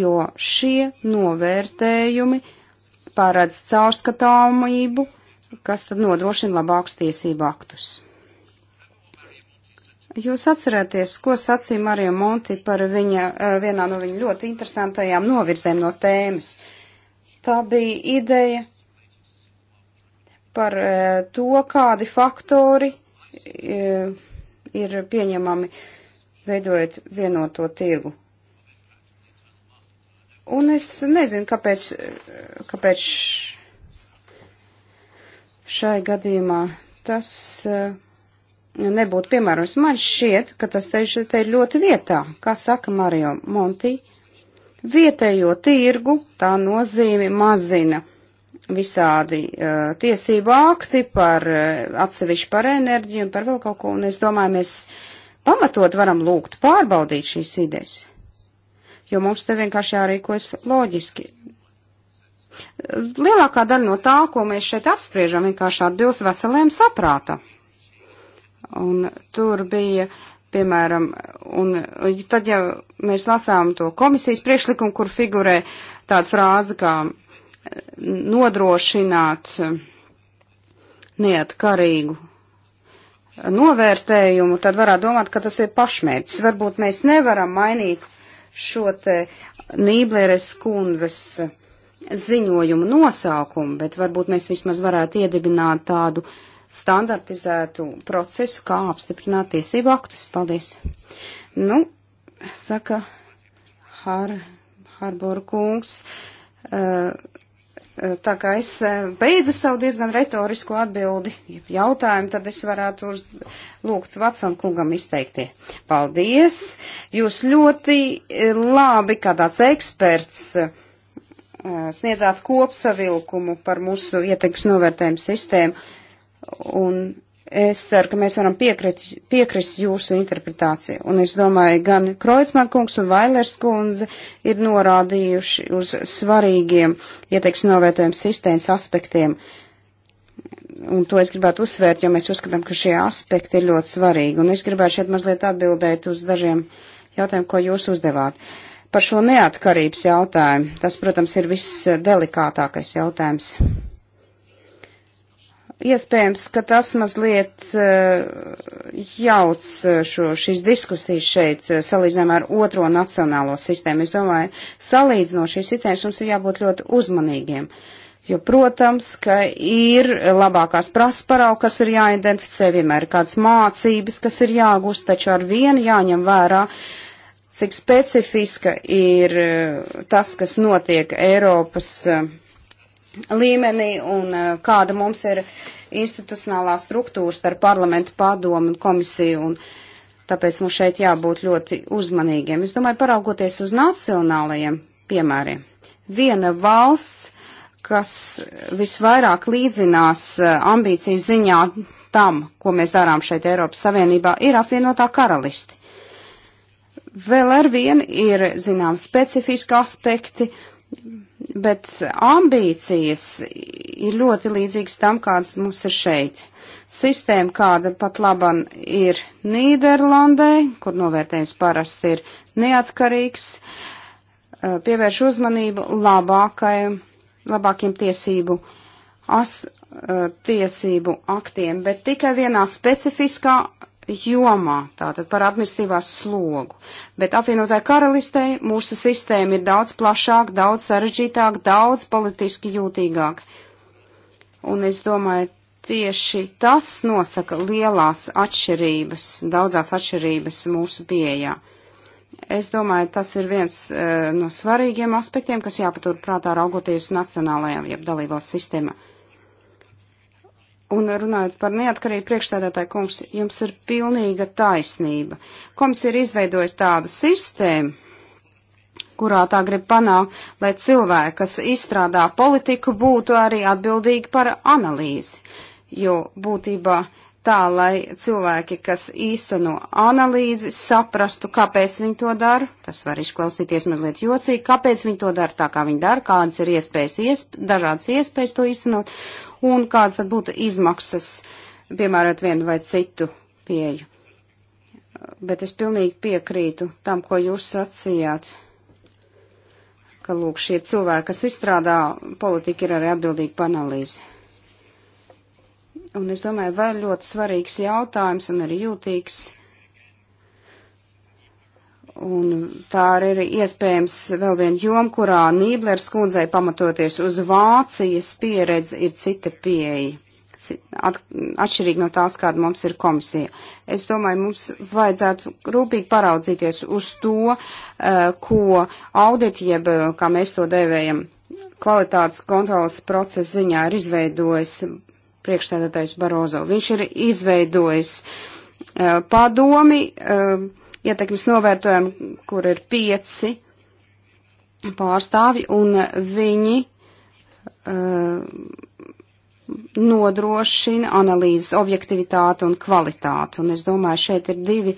jo šie novērtējumi pārēdz caurskatāmību, kas tad nodrošina labākus tiesību aktus. Jūs atcerēties, ko sacīja Marija Monti par viņa, eh, vienā no viņa ļoti interesantajām novirzēm no tēmas. Tā bija ideja par eh, to, kādi faktori eh, ir pieņemami veidojot vienoto tirgu. Un es nezinu, kāpēc, kāpēc šai gadījumā tas. Uh, nebūtu piemērots. Man šķiet, ka tas te, te ir ļoti vietā, kā saka Mario Monti. Vietējo tirgu tā nozīme mazina visādi uh, tiesību akti par uh, atsevišķi par enerģiju un par vēl kaut ko, un es domāju, mēs pamatot varam lūgt pārbaudīt šīs idejas, jo mums te vienkārši jārīkojas loģiski. Lielākā daļa no tā, ko mēs šeit apspriežam, vienkārši atbilst veseliem saprātam. Un tur bija, piemēram, un tad jau mēs lasām to komisijas priekšlikumu, kur figurē tāda frāze kā nodrošināt neatkarīgu novērtējumu, tad varētu domāt, ka tas ir pašmērķis. Varbūt mēs nevaram mainīt šo te Nībleres kundzes ziņojumu nosaukumu, bet varbūt mēs vismaz varētu iedibināt tādu uh, standartizētu procesu, kā apstiprināt tiesību aktus. Paldies! Nu, saka Har, Harbor kungs, eh, eh, tā kā es eh, beidzu savu diezgan retorisko atbildi jautājumu, tad es varētu uz, lūgt Vatsam kungam izteiktie. Paldies! Jūs ļoti labi, kā tāds eksperts, sniedzāt kopsavilkumu par mūsu ietekmes novērtējumu sistēmu Un es ceru, ka mēs varam piekrist, piekrist jūsu interpretāciju. Un es domāju, gan Kreutzmann kungs un Vailers kundze ir norādījuši uz svarīgiem ieteiksmi novērtējumu sistēmas aspektiem. Un to es gribētu uzsvērt, jo mēs uzskatām, ka šie aspekti ir ļoti svarīgi. Un es gribētu šeit mazliet atbildēt uz dažiem jautājumiem, ko jūs uzdevāt. Par šo neatkarības jautājumu. Tas, protams, ir viss delikātākais jautājums Iespējams, ka tas mazliet eh, jauc eh, šo, šīs diskusijas šeit, eh, salīdzinājumā ar otro nacionālo sistēmu. Es domāju, salīdzinot šīs sistēmas mums ir jābūt ļoti uzmanīgiem. Jo, protams, ka ir labākās prasparau, kas ir jāidentificē, vienmēr ir kādas mācības, kas ir jāgūst, taču ar vienu jāņem vērā, cik specifiska ir tas, kas notiek Eiropas. Uh, līmenī un eh, kāda mums ir institucionālā struktūra starp parlamentu padomu un komisiju. Un tāpēc mums šeit jābūt ļoti uzmanīgiem. Es domāju, paraugoties uz nacionālajiem piemēriem. Viena valsts, kas visvairāk līdzinās eh, ambīcijas ziņā tam, ko mēs darām šeit Eiropas Savienībā, ir apvienotā karalisti. Vēl ar vienu ir, zinām, specifiski aspekti, bet ambīcijas ir ļoti līdzīgas tam, kādas mums ir šeit. Sistēma, kāda pat laban ir Nīderlandē, kur novērtējums parasti ir neatkarīgs, eh, pievērš uzmanību labākajam, labākiem tiesību, as, eh, tiesību aktiem, bet tikai vienā specifiskā jomā, tātad par administratīvās slogu. Bet apvienotāji karalistei mūsu sistēma ir daudz plašāk, daudz sarežģītāk, daudz politiski jūtīgāk. Un es domāju, tieši tas nosaka lielās atšķirības, daudzās atšķirības mūsu pieejā. Es domāju, tas ir viens uh, no svarīgiem aspektiem, kas jāpatur prātā raugoties nacionālajām, jeb dalībvalsts sistēmām. Un runājot par neatkarību, priekšstādātāji kungs, jums ir pilnīga taisnība. Komisija ir izveidojusi tādu sistēmu, kurā tā grib panākt, lai cilvēki, kas izstrādā politiku, būtu arī atbildīgi par analīzi. Jo būtībā uh, tā, lai cilvēki, kas īsteno analīzi, saprastu, kāpēc viņi to dara. Tas var izklausīties mazliet jocīgi, kāpēc viņi to dara tā, kā viņi dara, kādas ir iespējas, iesp dažādas iespējas to īstenot, un kādas tad būtu izmaksas, piemērot vienu vai citu pieju. Bet es pilnīgi piekrītu tam, ko jūs sacījāt, ka lūk šie cilvēki, kas izstrādā politiku, ir arī atbildīgi par analīzi. Un es domāju, vēl ļoti svarīgs jautājums un arī jūtīgs. Un tā arī ir iespējams vēl viena joma, kurā Nīblers kundzei pamatoties uz Vācijas pieredzi ir cita pieeja. At, atšķirīgi no tās, kāda mums ir komisija. Es domāju, mums vajadzētu rūpīgi paraudzīties uz to, eh, ko auditi, jeb eh, kā mēs to devējam, kvalitātes kontrolas procesa ziņā ir izveidojis priekšstādātais Barozo. Viņš ir izveidojis uh, padomi, uh, ietekmes novērtējumu, kur ir pieci pārstāvi, un viņi uh, nodrošina analīzes objektivitāti un kvalitāti. Un es domāju, šeit ir divi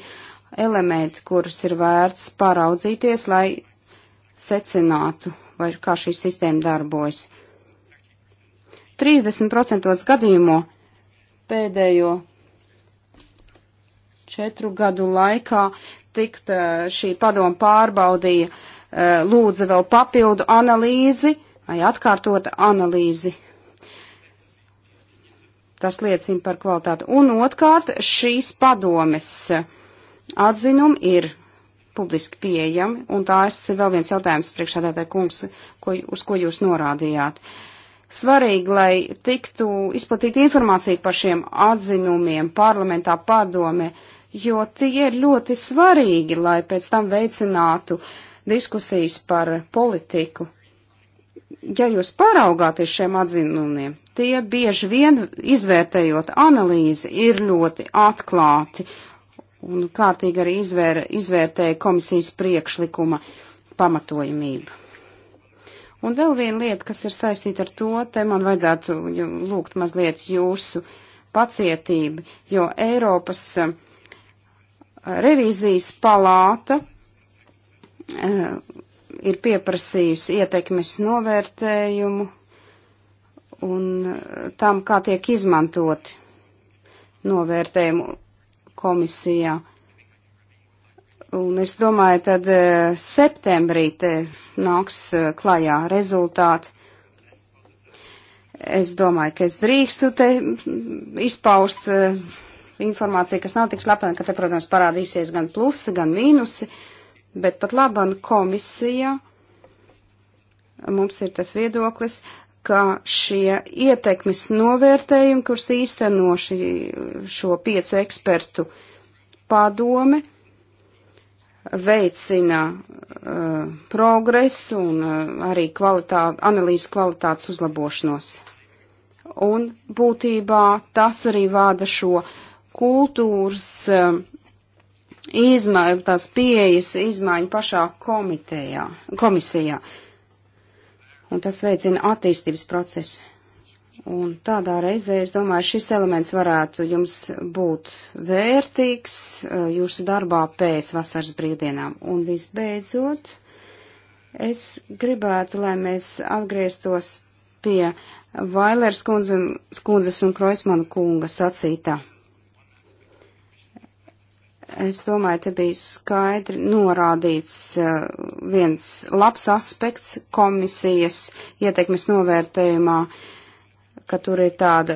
elementi, kurus ir vērts paraudzīties, lai secinātu, vai kā šī sistēma darbojas. 30% gadījumu pēdējo četru gadu laikā tikt eh, šī padoma pārbaudīja, eh, lūdza vēl papildu analīzi vai atkārtota analīzi. Tas liecina par kvalitāti. Un otrkārt, šīs padomes atzinumi ir publiski pieejami, un tā ir vēl viens jautājums priekšādātāja kungs, ko, uz ko jūs norādījāt. Uh, svarīgi, lai tiktu izplatīta informācija par šiem atzinumiem parlamentā padome, jo tie ir ļoti svarīgi, lai pēc tam veicinātu diskusijas par politiku. Ja jūs paraugāties šiem atzinumiem, tie bieži vien, izvērtējot analīzi, ir ļoti atklāti un kārtīgi arī izvēr, izvērtēja komisijas priekšlikuma pamatojamību. Un vēl viena lieta, kas ir saistīta ar to, te man vajadzētu lūgt mazliet jūsu pacietību, jo Eiropas eh, revīzijas palāta eh, ir pieprasījusi ietekmes novērtējumu un eh, tam, kā tiek izmantoti novērtējumu komisijā. Un es domāju, tad eh, septembrī te nāks eh, klajā rezultāti. Es domāju, ka es drīkstu te mm, izpaust eh, informāciju, kas nav tik slepena, ka te, protams, parādīsies gan plusi, gan mīnusi, bet pat laban komisija mums ir tas viedoklis, ka šie ietekmes novērtējumi, kurus īsteno šī, šo piecu ekspertu padome, uh, veicina uh, progresu un uh, arī kvalitāte, analīzes kvalitātes uzlabošanos. Un būtībā tas arī vāda šo kultūras uh, izma, tās pieejas izmaiņu pašā komitejā, komisijā. Un tas veicina attīstības procesu. Un tādā reizē, es domāju, šis elements varētu jums būt vērtīgs uh, jūsu darbā pēc vasaras brīvdienām. Un visbeidzot, es gribētu, lai mēs atgrieztos pie Vailers kundze, kundzes un Kroismana kunga sacītā. Es domāju, te bija skaidri norādīts uh, viens labs aspekts komisijas ietekmes novērtējumā ka tur ir tāda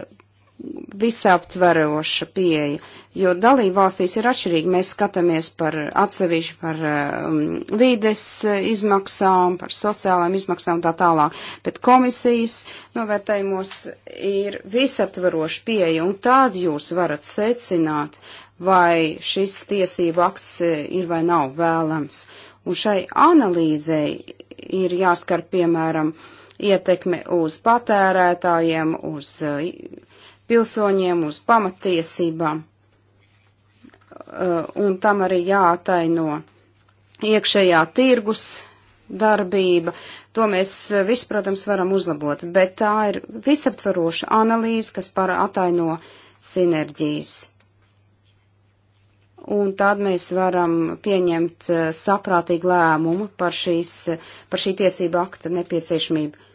visaptveroša pieeja, jo dalība valstīs ir atšķirīgi. Mēs skatāmies par atsevišķi par um, vides uh, izmaksām, par sociālām izmaksām tā tālāk, bet komisijas novērtējumos ir visaptveroša pieeja, un tād jūs varat secināt, vai šis tiesību akts uh, ir vai nav vēlams. Un šai analīzei ir jāskar, piemēram, uh, ietekme uz patērētājiem, uz uh, pilsoņiem, uz pamatiesībām. Uh, un tam arī jāataino iekšējā tirgus darbība. To mēs uh, visi, protams, varam uzlabot, bet tā ir visaptvaroša analīze, kas par ataino sinerģijas. Un tad mēs varam pieņemt saprātīgu lēmumu par, šīs, par šī tiesība akta nepieciešamību.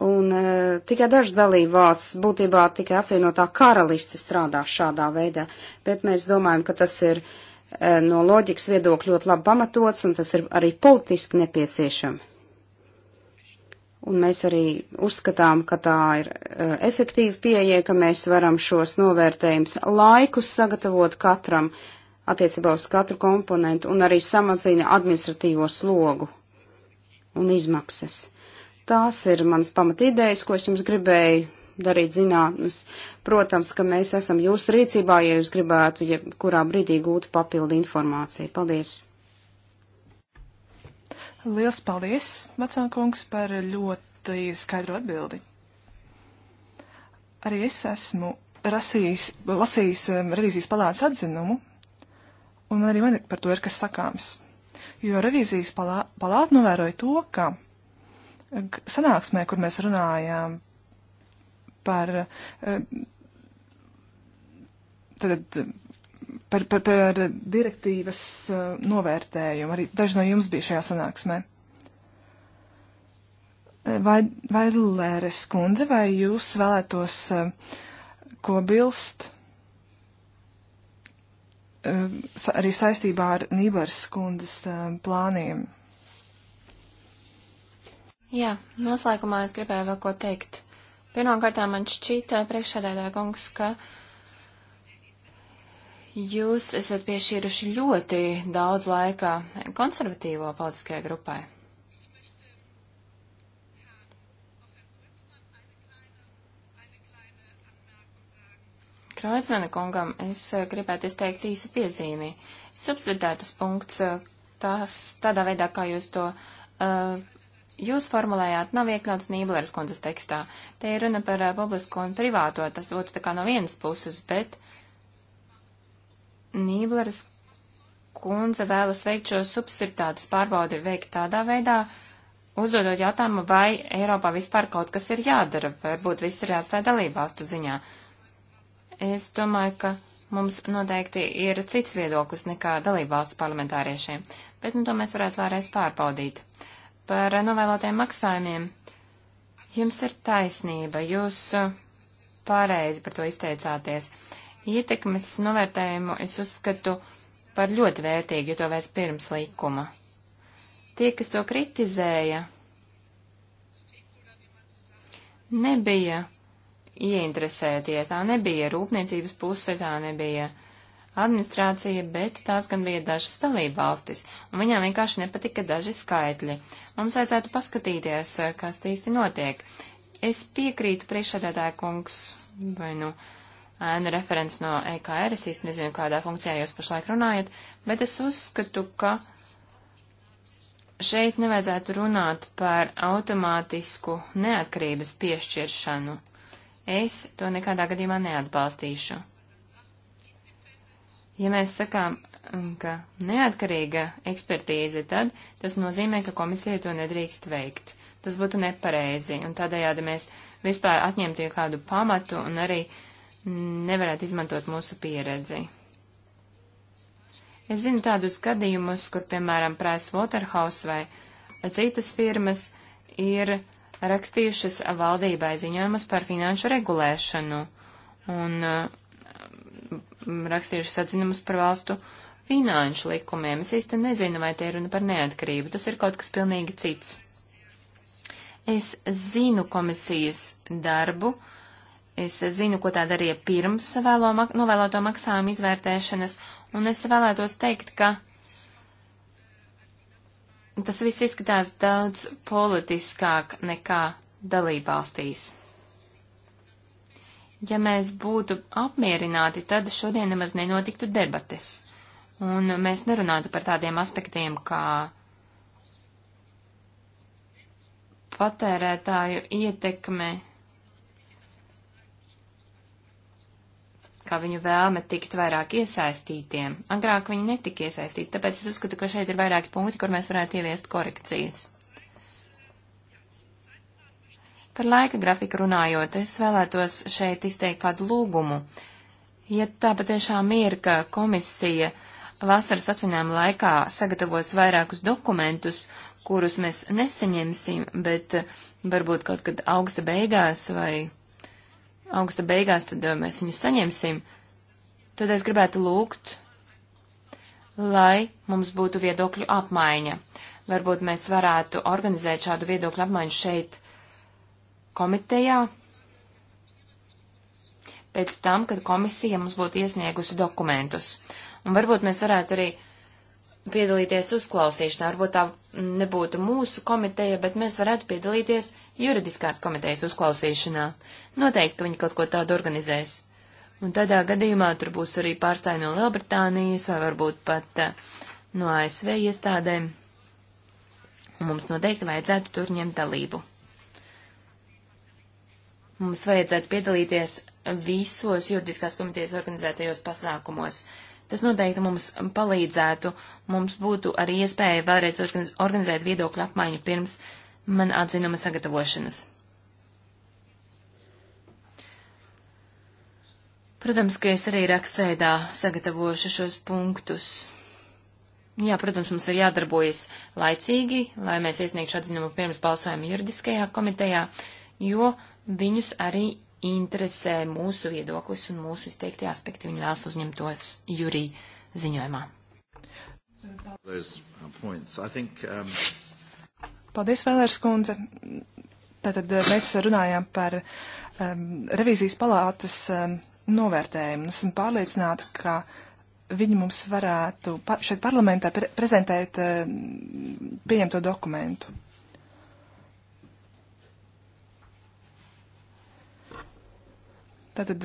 Un uh, tikai dažas dalībvalsts, būtībā tikai apvienotā karaliste strādā šādā veidā, bet mēs domājam, ka tas ir uh, no loģikas viedokļa ļoti labi pamatots un tas ir arī politiski nepieciešami. Un mēs arī uzskatām, ka tā ir uh, efektīva pieeja, ka mēs varam šos novērtējums laikus sagatavot katram attiecībā uz katru komponentu un arī samazina administratīvo slogu un izmaksas. Tās ir manas pamatīdējas, ko es jums gribēju darīt zinātnes. Protams, ka mēs esam jūsu rīcībā, ja jūs gribētu, ja kurā brīdī gūtu papildu informāciju. Paldies!
Liels paldies, Macankungs, par ļoti skaidru atbildi. Arī es esmu rasījis, lasījis revīzijas palātas atzinumu, un arī man par to ir kas sakāms. Jo revīzijas palā, palāta novēroja to, ka sanāksmē, kur mēs runājām par, eh, tad, par, par, par direktīvas eh, novērtējumu. Arī daži no jums bija šajā sanāksmē. Eh, vai, vai Lēres kundze, vai jūs vēlētos ko bilst? Sa arī saistībā ar Nībāras kundzes plāniem.
Jā, noslēgumā es gribēju vēl ko teikt. Pirmkārt, man šķita priekšsēdētāja kungs, ka jūs esat piešķīruši ļoti daudz laika konservatīvo politiskajai grupai. Kreuzmana kungam es gribētu izteikt īsu piezīmi. Subsidētas punkts, tās tādā veidā, kā jūs to uh, jūs formulējāt, nav iekļauts Nībleres kundzes tekstā. Te ir runa par uh, publisko un privāto, tas būtu tā kā no vienas puses, bet Nībleres kundze vēlas veikt šo subsidētas pārbaudi veikt tādā veidā, uzdodot jautājumu, vai Eiropā vispār kaut kas ir jādara, varbūt viss ir jāatstāja dalībvalstu ziņā. Es domāju, ka mums noteikti ir cits viedoklis nekā dalībvalstu parlamentāriešiem, bet nu to mēs varētu vēlreiz pārbaudīt. Uh, par novēlotajiem maksājumiem. Jums ir taisnība, jūs uh, pareizi par to izteicāties. Ietekmes novērtējumu es uzskatu par ļoti vērtīgu, jo to vairs pirms likuma. Tie, kas to kritizēja, nebija ieinteresētie, tā nebija rūpniecības puse, tā nebija uh, administrācija, bet tās gan bija dažas dalībvalstis, un viņām vienkārši nepatika daži skaitļi. Mums vajadzētu paskatīties, eh, kas īsti notiek. Es piekrītu priekšsēdētāja kungs vai nu ēnu referents no EKR, es īsti nezinu, kādā funkcijā jūs pašlaik runājat, bet es uzskatu, ka šeit nevajadzētu runāt par automātisku neatkarības piešķiršanu. Es to nekādā gadījumā neatbalstīšu. Ja mēs sakām, mm, ka neatkarīga ekspertīze, tad tas nozīmē, ka komisija to nedrīkst veikt. Tas būtu nepareizi, un tādējādi mēs vispār atņemtu jau kādu pamatu un arī nevarētu izmantot mūsu pieredzi. Es zinu tādus gadījumus, kur, piemēram, Price Waterhouse vai citas firmas ir rakstījušas valdībai ziņojumus par finanšu regulēšanu, un uh, rakstījušas atzinumus par valstu finanšu likumiem. Es īsti nezinu, vai tie ir runa par neatkarību. Tas ir kaut kas pilnīgi cits. Es zinu komisijas darbu. Es zinu, ko tā darīja pirms vēlo, novēloto maksājumu izvērtēšanas, un es vēlētos teikt, ka tas viss izskatās daudz politiskāk nekā dalībvalstīs. Ja mēs būtu apmierināti, tad šodien nemaz nenotiktu debates. Un mēs nerunātu par tādiem aspektiem kā patērētāju ietekme, kā viņu vēlme tikt vairāk iesaistītiem. Agrāk viņi netika iesaistīti, tāpēc es uzskatu, ka šeit ir vairāki punkti, kur mēs varētu ieviest korekcijas. Par laika grafiku runājot, es vēlētos šeit izteikt kādu lūgumu. Ja tā patiešām ir, ka komisija vasaras atvinājuma laikā sagatavos vairākus dokumentus, kurus mēs nesaņemsim, bet varbūt kaut kad augsta beigās vai augsta beigās, tad uh, mēs viņus saņemsim, tad es gribētu lūgt, lai mums būtu viedokļu apmaiņa. Varbūt mēs varētu organizēt šādu viedokļu apmaiņu šeit komitejā pēc tam, kad komisija mums būtu iesniegusi dokumentus. Un varbūt mēs varētu arī piedalīties uzklausīšanā, varbūt tā nebūtu mūsu komiteja, bet mēs varētu piedalīties juridiskās komitejas uzklausīšanā. Noteikti, ka viņi kaut ko tādu organizēs. Un tādā gadījumā tur būs arī pārstāvji no Lielbritānijas vai varbūt pat eh, no ASV iestādēm. Un mums noteikti vajadzētu tur ņemt dalību. Mums vajadzētu piedalīties visos juridiskās komitejas organizētajos pasākumos. Tas noteikti mums palīdzētu, mums būtu arī iespēja vēlreiz organizēt viedokļu apmaiņu pirms man atzinuma sagatavošanas. Protams, ka es arī rakstveidā sagatavošu šos punktus. Jā, protams, mums ir jādarbojas laicīgi, lai mēs iesniegšu atzinumu pirms balsojuma juridiskajā komitejā. Uh, jo viņus arī interesē mūsu viedoklis un mūsu izteikti aspekti. Viņi vēlas uzņemt tos jūrī ziņojumā. Uh, um,
Paldies, Vēlērs kundze. Tātad uh, mēs runājām par um, revīzijas palātas um, novērtējumu. Esmu pārliecināta, ka viņi mums varētu par, šeit parlamentā pre prezentēt um, pieņemto dokumentu. Tātad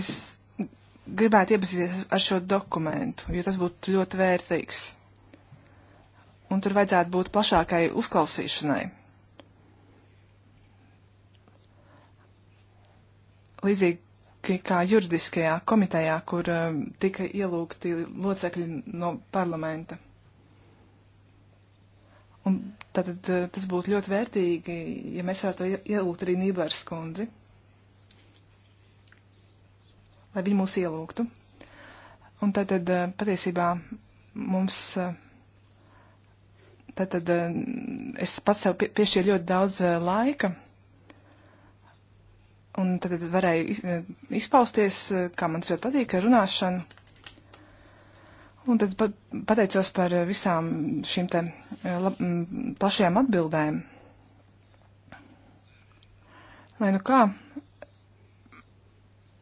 es gribētu iepazīties ar šo dokumentu, jo tas būtu ļoti vērtīgs. Un tur vajadzētu būt plašākai uzklausīšanai. Līdzīgi kā juridiskajā komitejā, kur eh, tika ielūgti locekļi no parlamenta. Un tātad eh, tas būtu ļoti vērtīgi, ja mēs varētu ielūgt arī Nībārs kundzi, lai viņi mūs ielūgtu. Un tātad eh, patiesībā mums. Eh, tātad es pats sev piešķīru ļoti daudz laika, un tad varēju izpausties, kā man tas ļoti patīk, ar runāšanu. Un tad pateicos par eh, visām šīm te eh, lab, plašajām atbildēm. Lai nu kā,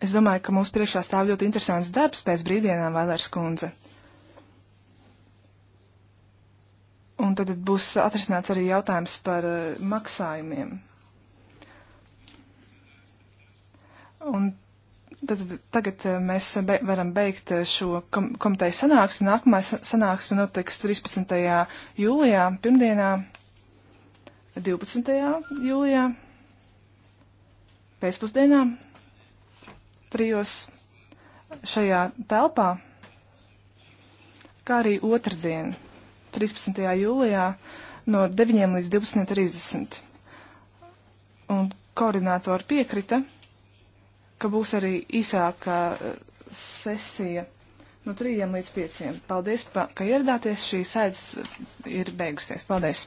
es domāju, ka mums priekšā stāv ļoti interesants darbs pēc brīvdienām, Vailērs kundze. Un tad, tad būs atrisināts arī jautājums par eh, maksājumiem. Un Tad, tagad eh, mēs be, varam beigt eh, šo kom komiteju sanāksmi. Nākamā sanāksme notiks 13. jūlijā, pirmdienā, 12. jūlijā, pēcpusdienā, trijos šajā telpā, kā arī otrdien, 13. jūlijā, no 9 līdz 12.30. Un koordinātori piekrita ka būs arī īsāka eh, sesija no trījiem līdz pieciem. Paldies, pa, ka ieradāties. Šī sēdes ir beigusies. Paldies!